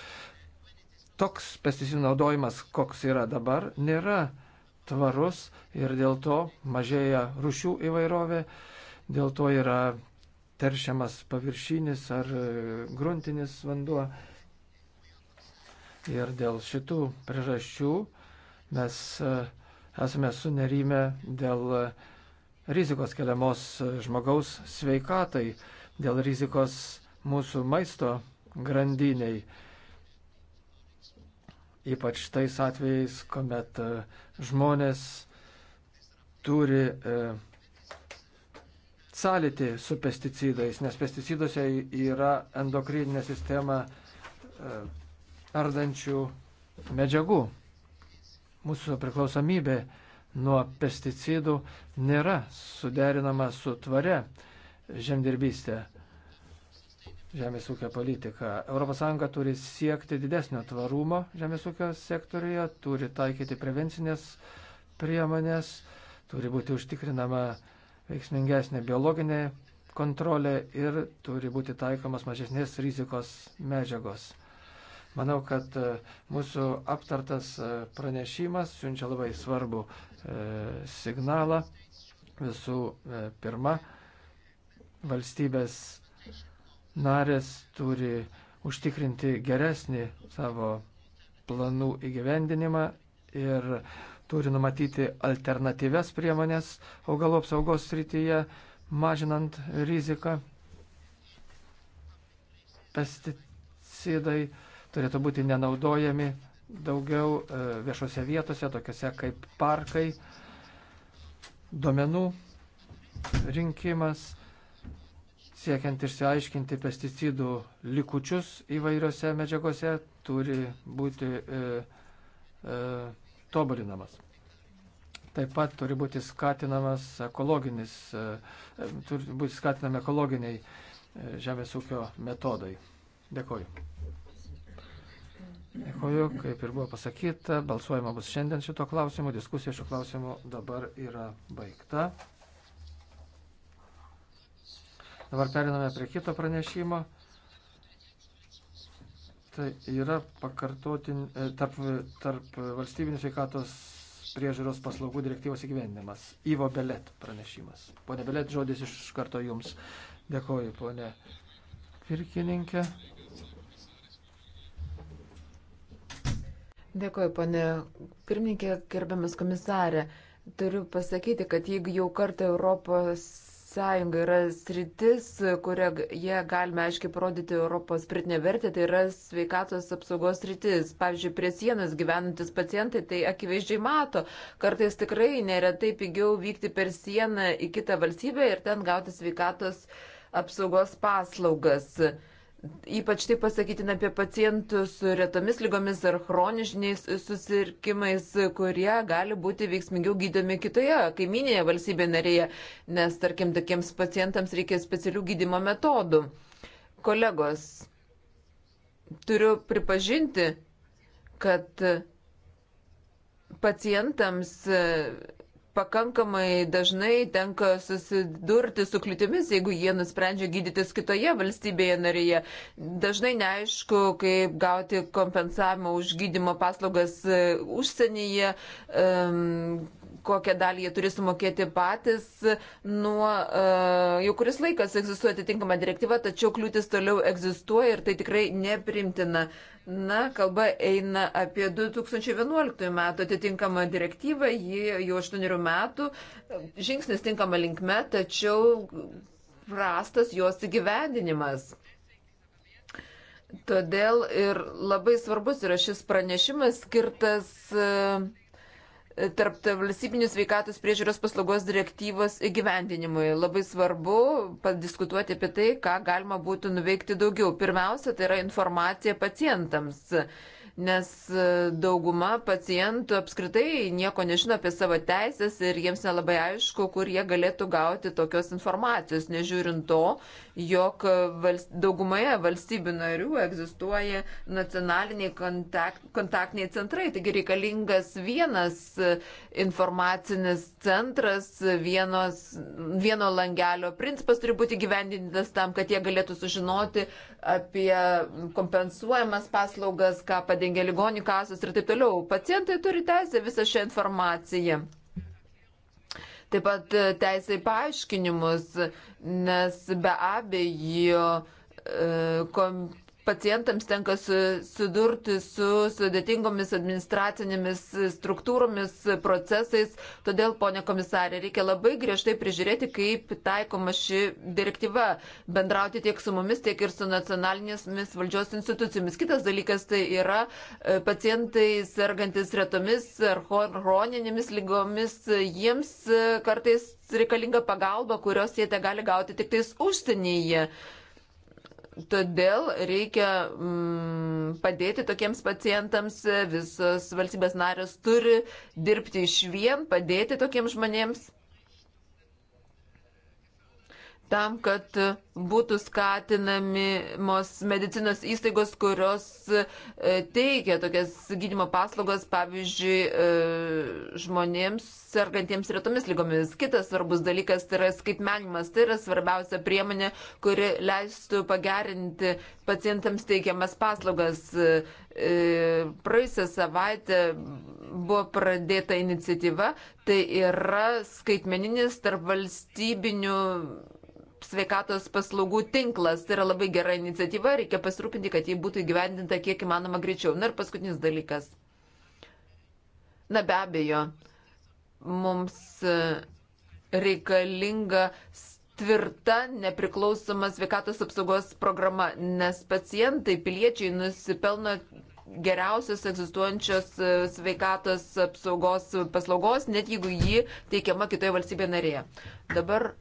toks pesticidų naudojimas, koks yra dabar, nėra tvarus ir dėl to mažėja rušių įvairovė, dėl to yra teršiamas paviršinis ar e, gruntinis vanduo. Ir dėl šitų priežasčių mes e, esame sunerime dėl e, rizikos keliamos žmogaus sveikatai, dėl rizikos mūsų maisto grandiniai ypač tais atvejais, kuomet e, žmonės turi e, sąlyti su pesticidais, nes pesticiduose yra endokrininę sistemą e, ardančių medžiagų. Mūsų priklausomybė nuo pesticidų nėra suderinama su tvare žemdirbystė žemės ūkio politiką. ES turi siekti didesnio tvarumo žemės ūkio sektorijoje, turi taikyti prevencinės priemonės, turi būti užtikrinama veiksmingesnė biologinė kontrolė ir turi būti taikomas mažesnės rizikos medžiagos. Manau, kad e, mūsų aptartas e, pranešimas siunčia labai svarbu e, signalą. Visų pirma, valstybės narės turi užtikrinti geresnį savo planų įgyvendinimą ir turi numatyti alternatyves priemonės augalų apsaugos srityje, mažinant riziką. Pesticidai turėtų būti nenaudojami daugiau e, viešose vietose, tokiuose kaip parkai, duomenų rinkimas siekiant išsiaiškinti pesticidų likučius įvairiose medžiagose, turi būti e, e, tobulinamas. Taip pat turi būti skatinamas ekologinis, e, e, turi būti skatinami ekologiniai e, žemės ūkio metodai. Dėkoju. Dėkoju, kaip ir buvo pasakyta, balsuojama bus šiandien šito klausimu, diskusija šio klausimu dabar yra baigta. Dabar periname prie kito pranešimo. Tai yra pakartotin, e, tarp, tarp valstybinių sveikatos priežiūros paslaugų direktyvos įgyvendimas. Ivo Belet pranešimas. Pone Belet, žodis iš karto jums. Dėkoju, ponė pirkininkė. Dėkoju, ponė pirmininkė, gerbiamas komisarė. Turiu pasakyti, kad jeigu jau kartą Europos sąjunga yra sritis, kurioje galime aiškiai parodyti Europos pritinę vertę, tai yra sveikatos apsaugos sritis. Pavyzdžiui, prie sienos gyvenantis pacientai tai akivaizdžiai mato. Kartais tikrai neretai pigiau vykti per sieną į kitą valstybę ir ten gauti sveikatos apsaugos paslaugas. Ypač tai pasakytina apie pacientus su retomis lygomis ar chronišniais susirkimais, kurie gali būti veiksmingiau gydomi kitoje kaiminėje valstybėje narėje, nes tarkim tokiems pacientams reikia specialių gydimo metodų. Kolegos, turiu pripažinti, kad pacientams pakankamai dažnai tenka susidurti su kliūtimis, jeigu jie nusprendžia gydytis kitoje valstybėje narėje. Dažnai neaišku, kaip gauti kompensavimą už gydymo paslaugas e, užsienyje, kokią dalį jie turi sumokėti patys. Nuo, e, jau kuris laikas egzistuoja atitinkama direktyva, tačiau kliūtis toliau egzistuoja ir tai tikrai neprimtina. Na, kalba eina apie 2011 metų atitinkamą direktyvą, ji jau 8 metų, žingsnis tinkama linkme, tačiau prastas jos įgyvendinimas. Todėl ir labai svarbus yra šis pranešimas skirtas uh, tarp valstybinių sveikatos priežiūros paslaugos direktyvos įgyvendinimui. Labai svarbu padiskutuoti apie tai, ką galima būtų nuveikti daugiau. Pirmiausia, tai yra informacija pacientams nes e, dauguma pacientų apskritai nieko nežino apie savo teisės ir jiems nelabai aišku, kur jie galėtų gauti tokios informacijos, nežiūrint to, jog valst, daugumoje valstybių narių egzistuoja nacionaliniai kontakt, kontaktiniai centrai, taigi reikalingas vienas e, informacinis centras, vienos, vieno langelio principas turi būti gyvendintas tam, kad jie galėtų sužinoti apie kompensuojamas paslaugas, ką padėti rengia ligonių kasos ir taip toliau. Pacientai turi teisę visą šią informaciją. Taip pat e, teisai paaiškinimus, nes be abejo e, kom, pacientams tenka susidurti su sudėtingomis administracinėmis struktūromis, procesais. Todėl, ponė komisarė, reikia labai griežtai prižiūrėti, kaip taikoma ši direktyva, bendrauti tiek su mumis, tiek ir su nacionalinėmis valdžios institucijomis. Kitas dalykas tai yra e, pacientai sergantis retomis ar chroninėmis lygomis, jiems e, kartais reikalinga pagalba, kurios jie te gali gauti tik tais užsienyje. Todėl reikia mm, padėti tokiems pacientams, visos valstybės narės turi dirbti iš vien, padėti tokiems žmonėms tam, kad būtų skatinamos medicinos įstaigos, kurios e, teikia tokias gydymo paslaugas, pavyzdžiui, e, žmonėms sergantiems retomis lygomis. Kitas svarbus dalykas tai yra skaitmenimas. Tai yra svarbiausia priemonė, kuri leistų pagerinti pacientams teikiamas paslaugas. E, praėjusią savaitę buvo pradėta iniciatyva, tai yra skaitmeninis tarp valstybinių sveikatos paslaugų tinklas. Tai yra labai gera iniciatyva, reikia pasirūpinti, kad ji būtų įgyvendinta kiek įmanoma greičiau. Na ir paskutinis dalykas. Na be abejo, mums e, reikalinga tvirta nepriklausoma sveikatos apsaugos programa, nes pacientai, piliečiai nusipelno geriausios egzistuojančios e, sveikatos apsaugos paslaugos, net jeigu ji teikiama kitoje valstybėje narėje. Dabar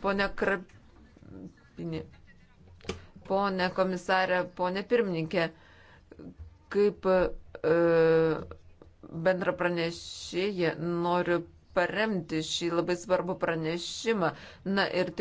Pone Krapini, pone komisarė, pone pirmininkė, kaip e, bendra pranešėja noriu paremti šį labai svarbų pranešimą. Na ir tik